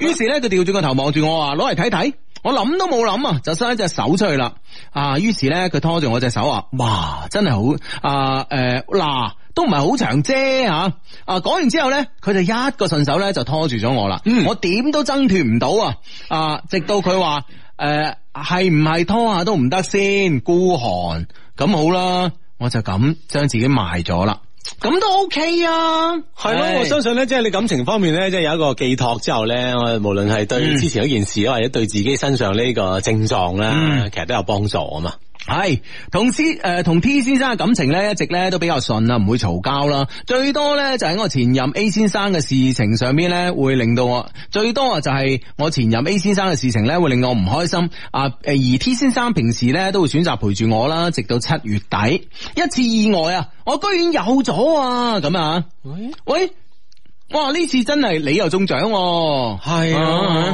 於是咧，佢調轉個頭望住我話：「攞嚟睇睇。」我諗都冇諗啊，就伸一隻手出去啦。啊，於是咧，佢拖住我隻手話：「哇，真係好啊，誒、呃、嗱。啊都唔係好長啫吓，啊講完之後咧，佢就一個順手咧就拖住咗我啦，嗯、我點都掙脫唔到啊！啊，直到佢話誒係唔係拖下都唔得先孤寒，咁好啦，我就咁將自己埋咗啦，咁都 OK 啊，係咯的，我相信咧，即係你感情方面咧，即係有一個寄託之後咧，我無論係對之前一件事，嗯、或者對自己身上呢個症狀咧，嗯、其實都有幫助啊嘛。係，同 T 誒，同 T 先生嘅感情咧，一直咧都比較順啊，唔會嘈交啦。最多咧就喺我前任 A 先生嘅事情上邊咧，會令到我最多啊就係我前任 A 先生嘅事情咧，會令我唔開心啊。誒，而 T 先生平時咧都會選擇陪住我啦，直到七月底一次意外啊，我居然有咗啊！咁啊，喂喂，哇！呢次真係你又中獎，係啊，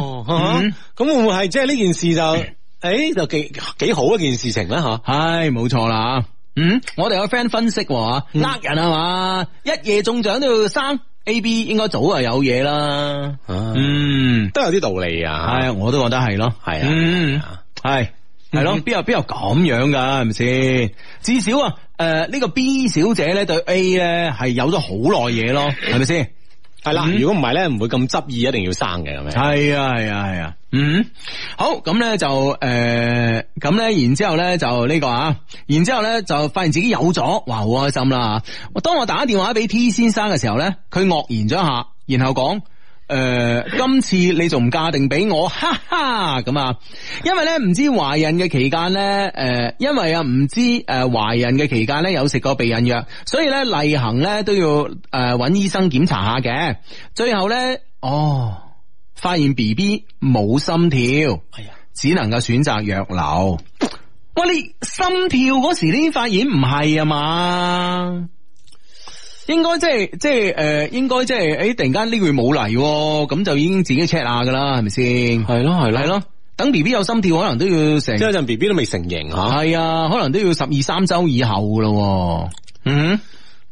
咁會唔會係即係呢件事就？誒，就、哎、幾幾好一件事情啦，吓，係冇錯啦。錯，嗯，我哋有 friend 分析，喎、嗯，呃人係嘛一夜中獎都要生 A B，應該早啊有嘢啦。嗯，都、啊、有啲道理啊。係啊，我都覺得係咯，係啊，嗯，係係咯，邊、啊啊嗯啊啊、有邊有咁樣噶、啊，係咪先？至少啊，誒、呃、呢、呢個 B 小姐咧對 A 咧係有咗好耐嘢咯，係咪先？係啦，如果唔係咧，唔會咁執意一定要生嘅，係係啊，係啊，係啊，嗯，好，咁咧就誒，咁、呃、咧，然之後咧就呢、這個啊，然之後咧就發現自己有咗，哇，好開心啦吓！當我打電話俾 T 先生嘅時候咧，佢愕然咗一下，然後講。誒、呃，今次你仲唔嫁定俾我？哈哈，咁啊，因為咧唔知懷孕嘅期間咧，誒、呃，因為啊唔知誒懷孕嘅期間咧有食過避孕藥，所以咧例行咧都要誒揾醫生檢查下嘅。最後咧，哦，發現 B B 冇心跳，係啊，只能夠選擇藥流。喂，你心跳嗰時呢？你發現唔係啊嘛？應該即係即係誒，應該即係誒、欸，突然間呢個月冇嚟，咁就已經自己 check 下噶啦，係咪先？係咯係咯係咯，等 B B 有心跳可能都要成即係陣 B B 都未成形，吓，係啊，可能都要十二三周以後咯。嗯嗯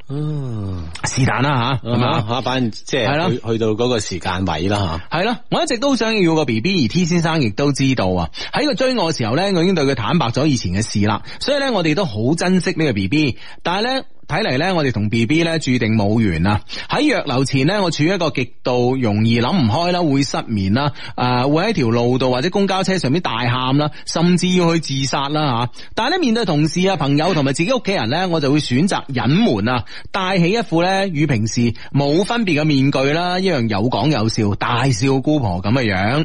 哼，啊、是但啦吓，係嘛吓，反正即係去到嗰個時間位啦吓。係咯，我一直都想要個 B B，而 T 先生亦都知道啊。喺佢追我嘅時候咧，我已經對佢坦白咗以前嘅事啦。所以咧，我哋都好珍惜個寶寶呢個 B B，但係咧。睇嚟呢，我哋同 B B 呢注定冇緣啊！喺藥流前呢，我處於一個極度容易諗唔開啦，會失眠啦，誒，會喺條路度或者公交車上面大喊啦，甚至要去自殺啦吓！但係咧，面對同事啊、朋友同埋自己屋企人呢，我就會選擇隱瞞啊，戴起一副呢與平時冇分別嘅面具啦，一樣有講有笑，大笑姑婆咁嘅樣。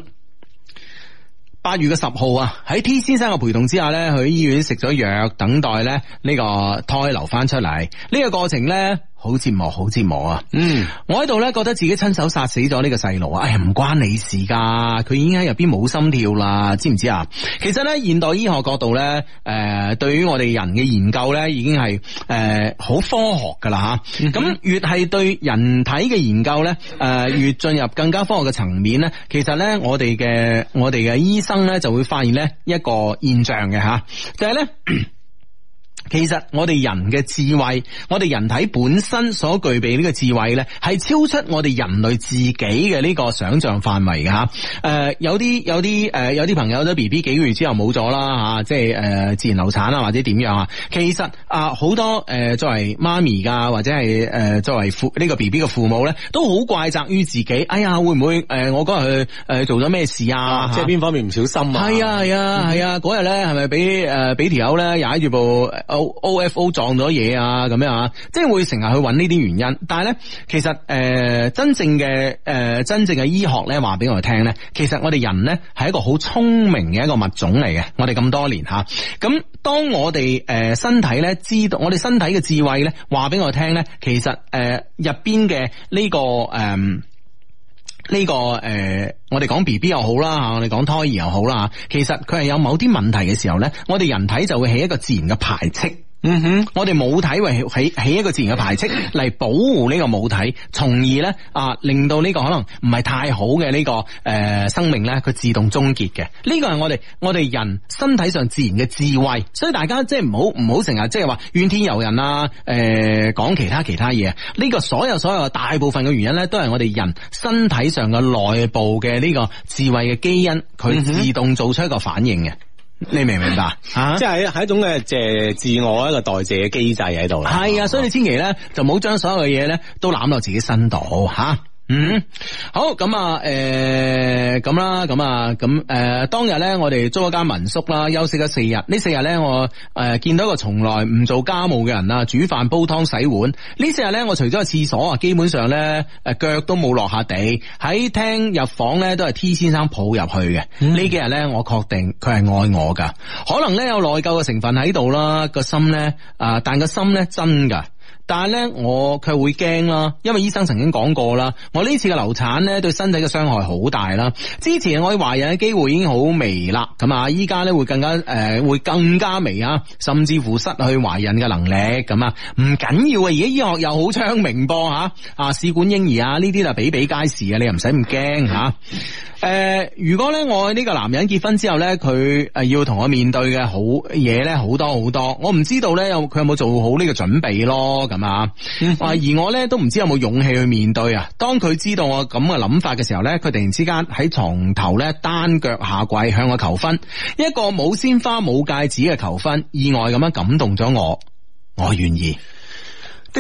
八月嘅十號啊，喺 T 先生嘅陪同之下咧，去醫院食咗藥，等待咧呢個胎流翻出嚟呢個過程咧。好折磨，好折磨啊！嗯，我喺度咧覺得自己親手殺死咗呢個細路啊！哎呀，唔關你事噶，佢已經喺入邊冇心跳啦，知唔知啊？其實咧，現代醫學角度咧，誒、呃，對於我哋人嘅研究咧，已經係誒好科學噶啦吓。咁、嗯、哼越係對人體嘅研究咧，誒、呃，越進入更加科學嘅層面咧，其實咧，我哋嘅我哋嘅醫生咧就會發現咧一個現象嘅吓，就係、是、咧。其實我哋人嘅智慧，我哋人體本身所具備呢個智慧咧，係超出我哋人類自己嘅呢個想象範圍噶吓。誒、呃，有啲有啲誒，有啲、呃、朋友都 B B 幾個月之後冇咗啦吓，即係誒、呃、自然流產啊，或者點樣啊？其實啊，好多誒、呃、作為媽咪噶，或者係誒、呃、作為父呢個 B B 嘅父母咧，都好怪責於自己。哎呀，會唔會誒、呃、我嗰日去誒做咗咩事啊？啊即係邊方面唔小心啊？係啊係啊係啊！嗰日咧係咪俾誒俾條友咧踩住部？O F O 撞咗嘢啊，咁樣啊，即係會成日去揾呢啲原因。但係咧，其實誒、呃，真正嘅誒、呃，真正嘅醫學咧，話俾我哋聽咧，其實我哋人咧係一個好聰明嘅一個物種嚟嘅。我哋咁多年吓，咁、啊、當我哋誒身體咧知道，我哋身體嘅智慧咧話俾我哋聽咧，其實誒入邊嘅呢個誒。嗯呢個誒我哋講 B B 又好啦吓，我哋講胎兒又好啦，其實佢係有某啲問題嘅時候咧，我哋人體就會起一個自然嘅排斥。嗯哼，我哋母體為起起一個自然嘅排斥嚟保護呢個母體，從而咧啊令到呢個可能唔係太好嘅呢，這個誒，呃、生命咧，佢自動終結嘅。呢個係我哋我哋人身體上自然嘅智慧，所以大家即係唔好唔好成日即係話怨天尤人啦。誒，呃，講其他其他嘢，呢，這個所有所有大部分嘅原因咧，都係我哋人身體上嘅內部嘅呢個智慧嘅基因，佢自動做出一個反應嘅。嗯你明唔明白嗎？吓？即係係一種嘅即係自我一個代謝嘅機制喺度啦。係啊、嗯，所以你千祈咧就唔好將所有嘅嘢咧都攬落自己身度吓。嗯，好咁啊，誒，咁、欸、啦，咁啊，咁誒、呃，當日咧，我哋租一間民宿啦，休息咗四日。呢四日咧，我、呃、誒見到一個從來唔做家務嘅人啦，煮飯、煲湯、洗碗。呢四日咧，我除咗去廁所啊，基本上咧誒腳都冇落下地，喺廳入房咧都係 T 先生抱入去嘅。呢、嗯、幾日咧，我確定佢係愛我噶，可能咧有內疚嘅成分喺度啦，個心咧啊、呃，但個心咧真噶。但係咧，我卻會驚啦，因為醫生曾經講過啦，我呢次嘅流產咧，對身體嘅傷害好大啦。之前我去懷孕嘅機會已經好微啦，咁啊，依家咧會更加誒、呃，會更加微啊，甚至乎失去懷孕嘅能力咁啊，唔緊要啊，而家醫學又好昌明噃。吓，啊試管嬰兒啊呢啲就比比皆是啊，你又唔使咁驚吓。誒、啊，如果咧我呢個男人結婚之後咧，佢誒要同我面對嘅好嘢咧好多好多，我唔知道咧有佢有冇做好呢個準備咯。嗯，而我咧都唔知有冇勇氣去面對啊！當佢知道我咁嘅諗法嘅時候咧，佢突然之間喺床頭咧單腳下跪向我求婚，一個冇鮮花冇戒指嘅求婚，意外咁樣感動咗我，我願意。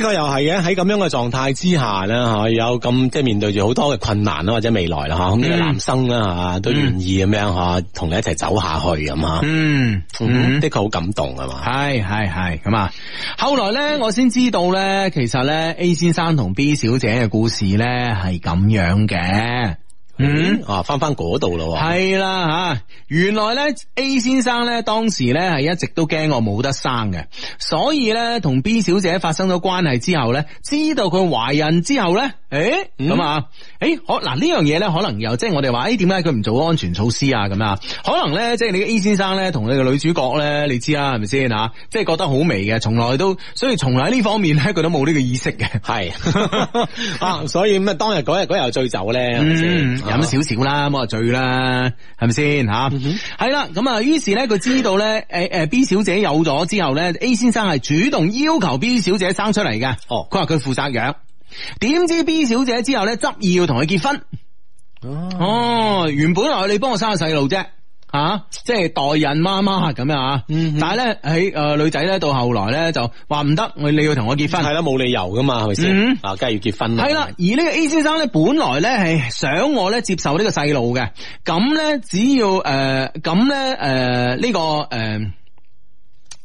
的確又係嘅，喺咁樣嘅狀態之下咧，吓有咁即係面對住好多嘅困難啦，或者未來啦，吓咁呢個男生啦，吓都願意咁樣吓同你一齊走下去咁啊。嗯嗯，的確好感動啊嘛。係係係，咁啊，後來咧我先知道咧，其實咧 A 先生同 B 小姐嘅故事咧係咁樣嘅。嗯，啊，翻翻嗰度咯，係啦吓，原來咧 A 先生咧當時咧係一直都驚我冇得生嘅，所以咧同 B 小姐發生咗關係之後咧，知道佢懷孕之後咧，誒、欸，咁、嗯、啊，誒，嗱、欸、呢樣嘢咧可能又即係我哋話，誒、欸，點解佢唔做安全措施啊？咁啊，可能咧即係你 A 先生咧同你個女主角咧，你知啦，係咪先嗱？即、就、係、是、覺得好微嘅，從來都，所以從來呢方面咧，佢都冇呢個意識嘅，係是， 啊，所以咁啊，當日嗰日嗰日又醉酒咧。嗯飲少少啦，冇啊醉啦，係咪先吓？係啦、嗯哼，咁啊，於是咧，佢知道咧，誒誒，B 小姐有咗之後咧，A 先生係主動要求 B 小姐生出嚟嘅。哦，佢話佢負責養，點知 B 小姐之後咧，執意要同佢結婚。哦，哦，原本係你幫我生個細路啫。吓，啊，即係代孕媽媽咁樣啊，嗯、哼但係咧喺，誒女仔咧到後來咧就話唔得，我你要同我結婚係啦，冇理由噶嘛，係咪先啊？梗係要結婚啦。係啦，而呢個 A 先生咧本來咧係想我咧接受個呢個細路嘅，咁咧只要誒咁咧誒呢、呃呢個誒。呃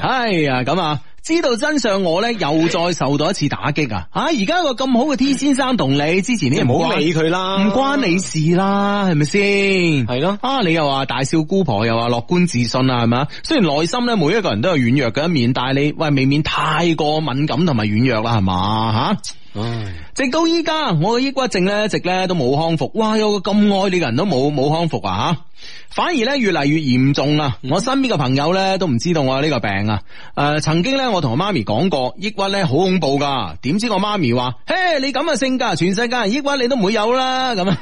哎呀，咁啊！知道真相我咧又再受到一次打擊啊！吓，而家有個咁好嘅 T 先生同你、嗯、之前你唔好理佢啦，唔關你事啦，係咪先？係咯、嗯，啊，你又話大笑姑婆，又話樂觀自信啊，係嘛？雖然內心咧每一個人都有軟弱嘅一面，但係你喂，未免太過敏感同埋軟弱啦，係嘛？吓、啊，唉直到依家我嘅抑鬱症咧，一直咧都冇康復。哇，有個咁愛你嘅人都冇冇康復啊！吓。反而咧越嚟越嚴重啦。我身邊嘅朋友咧都唔知道我有呢個病啊。誒，曾經咧我同媽咪講過，抑鬱咧好恐怖噶。點知我媽咪話：嘿，你咁嘅性格，全世界人抑鬱你都唔會有啦。咁啊，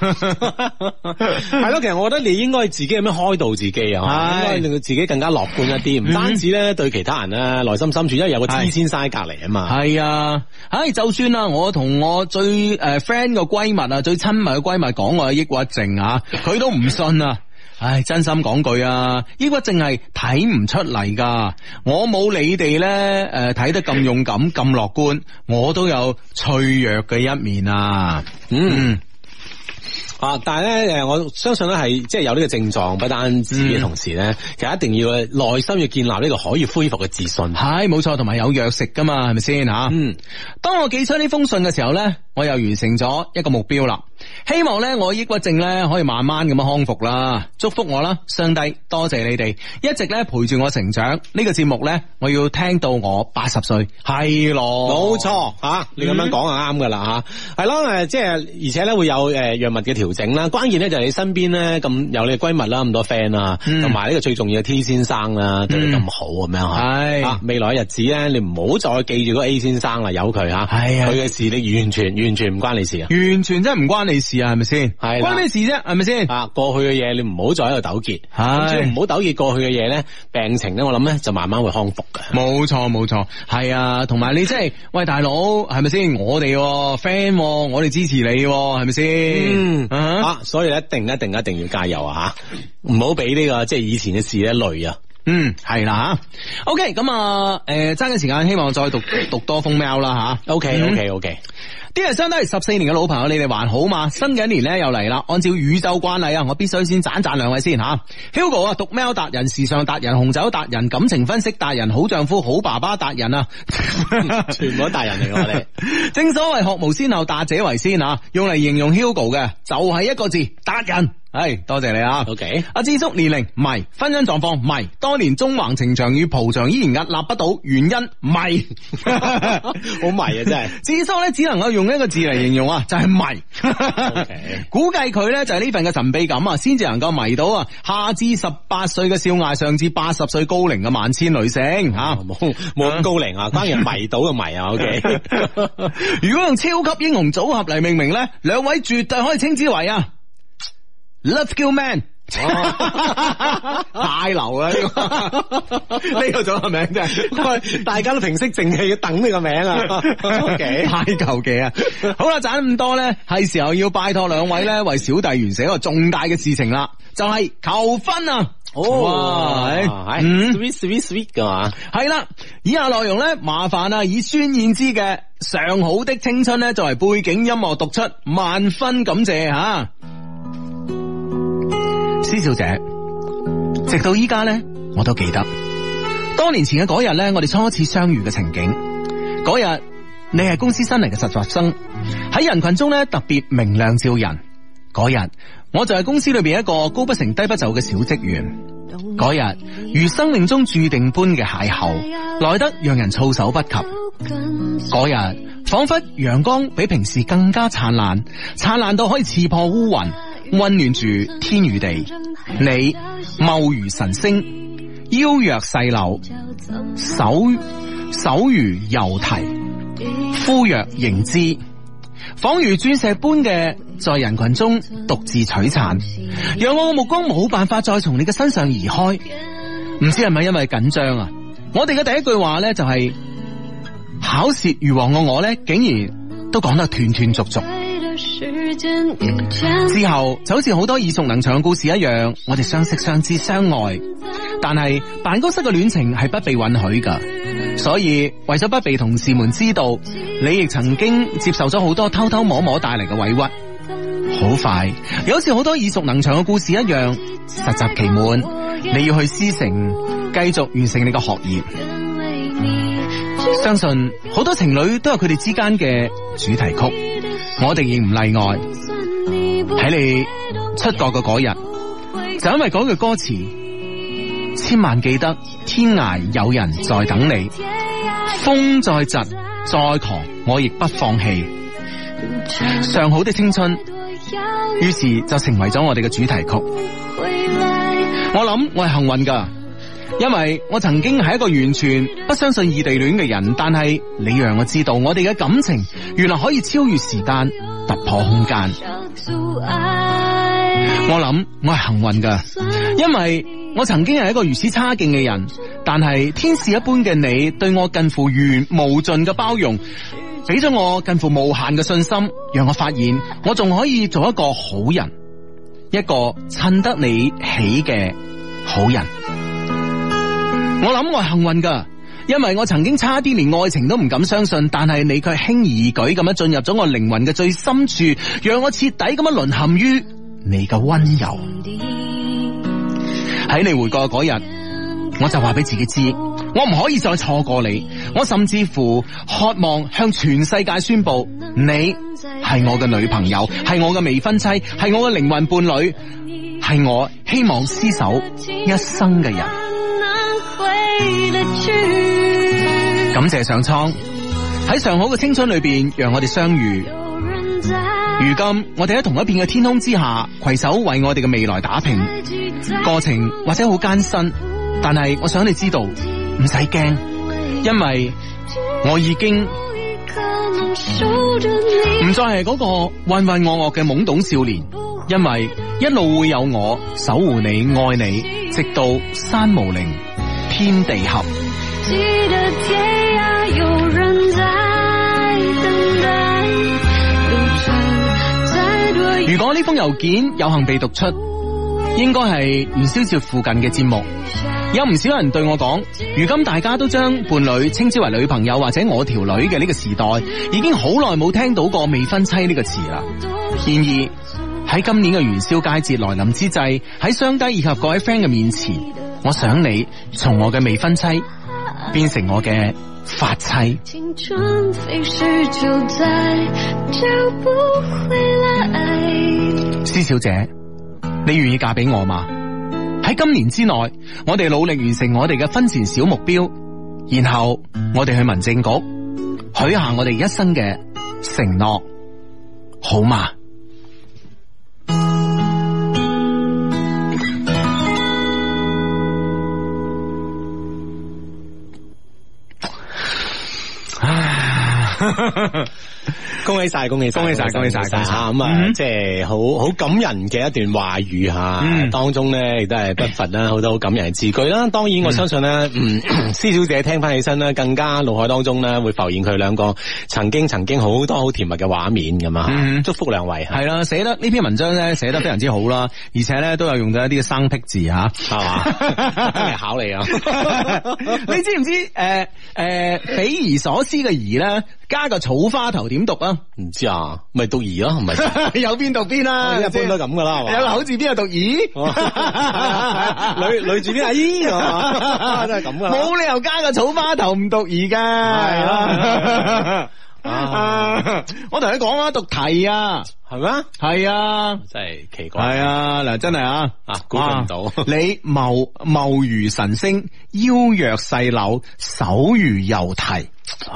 係咯。其實我覺得你應該自己咁樣開導自己啊，是應該令到自己更加樂觀一啲，唔單止咧對其他人啊，內心深處，因為有個痴先生隔籬啊嘛。係啊，唉，就算啊，我同我最誒 friend 個閨蜜啊，最親密嘅閨蜜講我有抑鬱症啊，佢都唔信啊。唉，真心講句啊，抑鬱淨係睇唔出嚟噶，我冇你哋咧，誒睇得咁勇敢咁樂 觀，我都有脆弱嘅一面啊。嗯， 啊，但係咧誒，我相信咧係即係有呢個症狀，不單止嘅，同時咧，其實、嗯、一定要內心要建立呢個可以恢復嘅自信。係，冇錯，同埋有藥食噶嘛，係咪先吓？嗯，當我寄出呢封信嘅時候咧，我又完成咗一個目標啦。希望咧，我抑鬱症咧可以慢慢咁樣康復啦。祝福我啦，上帝，多謝你哋一直咧陪住我成長。呢、這個節目咧，我要聽到我八十歲係咯，冇錯吓，啊、你咁樣講就啱噶啦吓，係咯誒，即係、啊、而且咧會有誒藥物嘅調整啦。關鍵咧就係你身邊咧咁有你嘅閨蜜啦，咁多 friend 啦，同埋呢個最重要嘅 T 先生啦，對你咁好咁樣係係未來日子咧，你唔好再記住個 A 先生啦，由佢吓，係啊、哎呀，佢嘅事你完全完全唔關你事啊，完全真係唔關你。事啊，係咪先係關咩事啫？啊？係咪先啊？過去嘅嘢，你唔好再喺度糾結，唔好糾結過去嘅嘢咧，病情咧，我諗咧就慢慢會康復嘅。冇錯冇錯，係啊，同埋你即、就、係、是、喂，大佬係咪先？我哋 friend，、哦哦、我哋支持你、哦，係咪先？嗯、啊，所以一定一定一定要加油啊！唔好俾呢個即係、就是、以前嘅事咧累啊。嗯，係啦吓。OK，咁啊，誒、呃，揸緊時間，希望再讀讀多封喵啦吓。OK，OK，OK。啲人相睇係十四年嘅老朋友，你哋還好嘛？新嘅一年咧又嚟啦！按照宇宙慣例啊，我必須先讚讚兩位先吓、啊。Hugo 啊，讀 Mail 達人、時尚達人、紅酒達人、感情分析達人、好丈夫、好爸爸達人啊！ 全部都達人嚟我哋。 正所謂學無先後，達者為先啊！用嚟形容 Hugo 嘅就係、是、一個字：達人。係、哎、多謝你啊！OK，阿智叔年齡迷，婚姻狀況迷，當年中橫情長與蒲長依然屹立不倒原因唔迷。好 迷啊！真係智叔咧，只能夠用。用一個字嚟形容啊，就係、是、迷。Okay 估計佢咧就係呢份嘅神秘感啊，先至能夠迷到啊，下至十八歲嘅少艾，上至八十歲高齡嘅萬千女性，吓冇冇咁高齡啊，當然、啊啊、迷到嘅迷啊。 OK， 如果用超級英雄組合嚟命名咧，兩位絕對可以稱之為啊，Love Kill Man。哦、 大流啊，呢個呢個組合名真係，大家都平息靜氣要等你個名啊， Okay. 太求其啊！好啦，賺咁多咧，係時候要拜託兩位咧，為小弟完成一個重大嘅事情啦，就係、是、求婚啊！哦哇、嗯、，sweet sweet sweet 噶嘛，係啦，以下內容咧，麻煩啊，以孫燕姿嘅《尚好的青春》咧，作為背景音樂讀出，萬分感謝吓。施小姐，直到依家咧，我都記得多年前嘅嗰日咧，我哋初次相遇嘅情景。嗰日你係公司新嚟嘅實習生，喺人群中咧特別明亮照人。嗰日我就係公司裏邊一個高不成低不就嘅小職員。嗰日如生命中注定般嘅邂逅，來得讓人措手不及。嗰日仿佛陽光比平時更加燦爛，燦爛到可以刺破烏雲。溫暖住天與地，你貌如神星，腰若細柳，手手如柔荑，膚若凝脂，仿如鑽石般嘅在人群中獨自璀璨，讓我嘅目光冇辦法再從你嘅身上移開。唔知係咪因為緊張啊？我哋嘅第一句話咧就係、是、巧舌如簧嘅我咧，竟然都講得斷斷續續。嗯、之後就好似好多耳熟能詳嘅故事一樣，我哋相識、相知、相愛，但係辦公室嘅戀情係不被允許噶，所以為咗不被同事們知道，你亦曾經接受咗好多偷偷摸摸帶嚟嘅委屈。好快，又好似好多耳熟能詳嘅故事一樣，實習期滿，你要去師承，繼續完成你嘅學業。嗯、相信好多情侶都有佢哋之間嘅主題曲。我哋亦唔例外，喺你出國嘅嗰日，就因為嗰句歌詞，千萬記得天涯有人在等你，風再疾再狂，我亦不放棄。尚好的青春，於是就成為咗我哋嘅主題曲。我諗我係幸運噶。因為我曾經係一個完全不相信異地戀嘅人，但係你讓我知道，我哋嘅感情原來可以超越時間、突破空間。我諗我係幸運噶，因為我曾經係一個如此差勁嘅人，但係天使一般嘅你對我近乎於無盡嘅包容，俾咗我近乎無限嘅信心，讓我發現我仲可以做一個好人，一個襯得你起嘅好人。我諗我係幸運噶，因為我曾經差啲連愛情都唔敢相信，但係你卻輕而易舉咁樣進入咗我靈魂嘅最深處，讓我徹底咁樣淪陷於你嘅溫柔。喺你回過嗰日，我就話俾自己知，我唔可以再錯過你。我甚至乎渴望向全世界宣布，你係我嘅女朋友，係我嘅未婚妻，係我嘅靈魂伴侶，係我希望廝守一生嘅人。感謝上蒼，喺上好嘅青春裏邊，讓我哋相遇。如今，我哋喺同一片嘅天空之下，攜手為我哋嘅未來打拼。過程或者好艱辛，但係我想你知道，唔使驚，因為我已經唔再係嗰個渾渾噩噩嘅懵懂少年，因為一路會有我守護你、愛你，直到山無陵，天地合。如果呢封郵件有幸被讀出，應該係元宵節附近嘅節目。有唔少人對我講，如今大家都將伴侶稱之為女朋友或者我條女嘅呢個時代，已經好耐冇聽到過未婚妻呢個詞啦。然而喺今年嘅元宵佳節來臨之際，喺雙低以及各位 friend 嘅面前。我想你從我嘅未婚妻變成我嘅髮妻，施小姐，你願意嫁俾我嗎？喺今年之內，我哋努力完成我哋嘅婚前小目標，然後我哋去民政局許下我哋一生嘅承諾，好嗎？恭喜晒，恭喜，恭喜晒，恭喜晒吓咁啊！即係好好感人嘅一段話語吓，當中咧亦都係不乏啦，好多好感人字句啦。當然我相信咧，施小姐聽翻起身咧，更加腦海當中咧會浮現佢兩個曾經曾經好多好甜蜜嘅畫面咁啊！祝福兩位係啦，寫得呢篇文章咧寫得非常之好啦，而且咧都有用到一啲生僻字吓，係嘛？考你啊！你知唔知誒誒，匪夷所思嘅夷咧？加個草花頭點讀啊？唔知啊，咪讀兒咯、啊，係咪、啊？ 有邊讀邊啦、啊，一般、啊、都咁噶啦，係嘛？有口 字邊啊讀兒，女女字邊啊姨，都係咁噶。冇理由加個草花頭唔讀兒噶。啊、我同你講啊，讀題啊，係咩嗎？係啊，真係奇怪。係啊，嗱，真係啊，啊估唔到，啊、你貌貌如神星，腰若細柳，手如柔荑，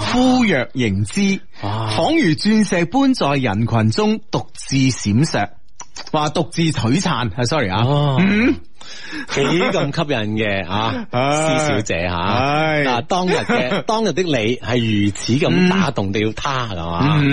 膚若凝脂，啊啊、仿如鑽石般在人群中獨自閃爍，話獨自璀璨。係 sorry 啊。幾咁吸引嘅啊施小姐吓，嗱當日嘅當日的你係如此咁打動到他㗎嘛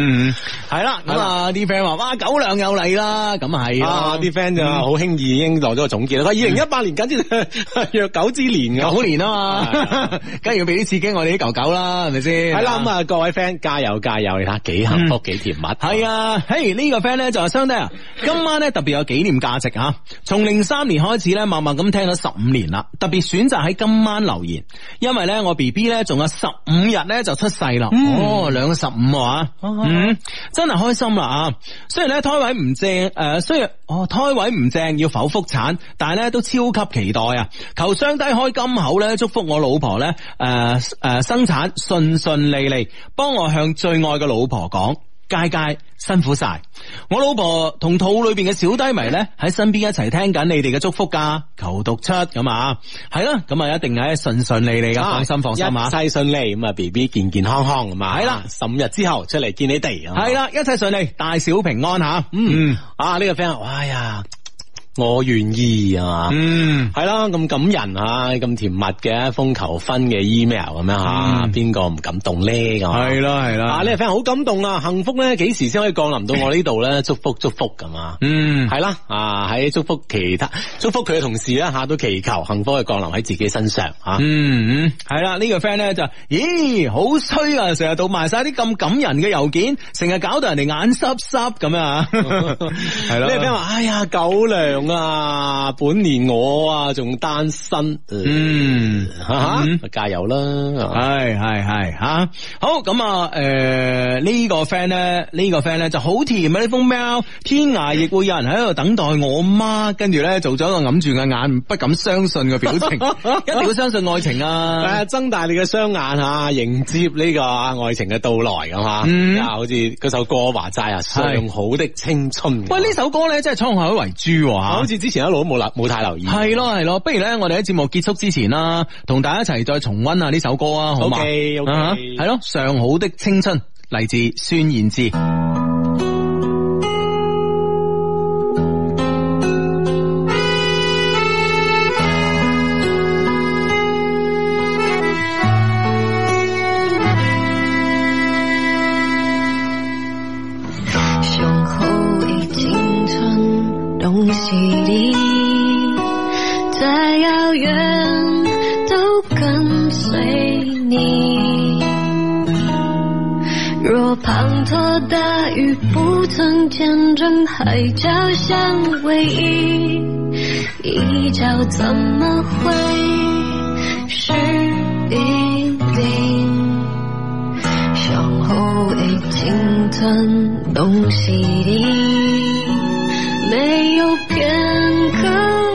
係啦，咁啊啲 friend 話哇狗糧又嚟啦，咁係啊啲 friend 就好輕易已經落咗個總結啦，佢二零一八年簡直虐狗之年嘅，九年啊嘛，梗係要俾啲刺激我哋啲狗狗啦，係咪先？係啦，咁啊各位 friend 加油加油，你睇下幾幸福幾甜蜜，係啊，嘿呢個 friend 咧就係相對啊，今晚咧特別有紀念價值吓，從零三年開始咧。默默咁聽咗十五年啦，特別選擇喺今晚留言，因為咧我 B B 咧仲有十五日咧就出世啦，哦，兩個十五啊，嗯，真係開心啦啊！雖然咧胎位唔正，誒，雖然哦胎位唔正要剖腹產，但係咧都超級期待啊！求雙低開金口咧，祝福我老婆咧，誒、呃、誒、呃、生產順順利利，幫我向最愛嘅老婆講。佳佳，辛苦晒，我老婆同肚裏邊嘅小低迷咧喺身邊一齊聽緊你哋嘅祝福噶，求讀出咁啊，係啦，咁啊一定係順順利利噶，放心放心啊，一切順利，咁啊 B B 健健康康，係嘛，係啦，十五日之後出嚟見你哋，係啦，一切順利，大小平安吓、啊，嗯，啊呢、這個 friend，哎呀。我願意啊，嗯，係啦，咁感人啊，咁甜蜜嘅一封求婚嘅 email 咁樣吓，邊個唔感動咧？咁係啦係啦，呢個 friend 好感動啊，幸福咧幾時先可以降臨到我呢度咧？祝福祝福咁啊，嗯，係啦，啊喺祝福其他祝福佢嘅同事啦，吓都祈求幸福去降臨喺自己身上吓，嗯，係啦，呢個 friend 咧就咦好衰啊，成日讀埋晒啲咁感人嘅郵件，成日搞到人哋眼濕濕咁樣吓，係咯，呢個 friend 話，哎呀狗糧。啊！本年我啊，仲單身，嗯，哈哈，加油啦！係係係，吓好咁啊！誒，呢個 friend 咧，呢個 friend 咧就好甜啊！呢封喵，天涯亦會有人喺度等待我媽，跟住咧做咗一個揞住眼眼，不敢相信嘅表情，一定要相信愛情啊！係啊，睜大你嘅雙眼吓，迎接呢個愛情嘅到來咁吓，嗯，好似首歌話齋啊，上好的青春。喂，呢首歌咧，真係滄海遺珠吓。好似之前一路都冇留冇太留意，係咯係咯，不如咧我哋喺節目結束之前啦，同大家一齊再重温啊呢首歌啊，好嘛 o 係咯，上 Okay, okay.、uh huh. 好的青春，嚟自孫燕姿。遠都跟隨你。若滂沱大雨不曾見證海角相偎依，一角一怎麼會是淋淋？相互為金樽東曦定，沒有片刻。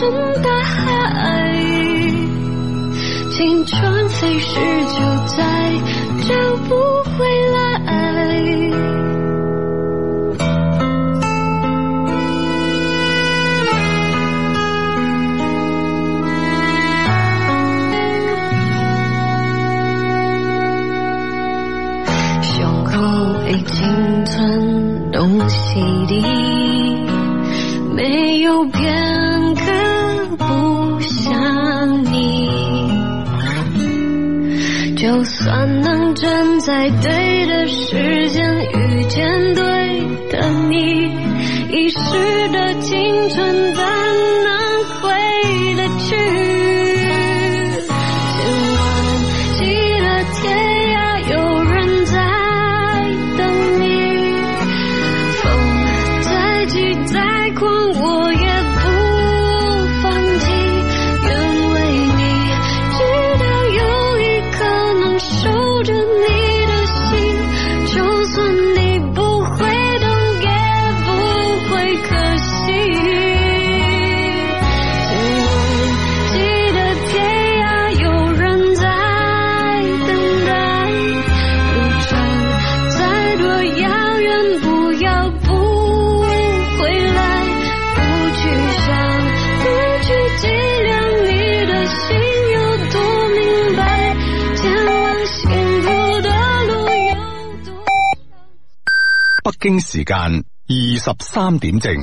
真的還愛青春飛逝，就再找不回來。 胸口已經春，東西的。可能站在對的時間遇見對的你，遺失的青春。時間二十三點正。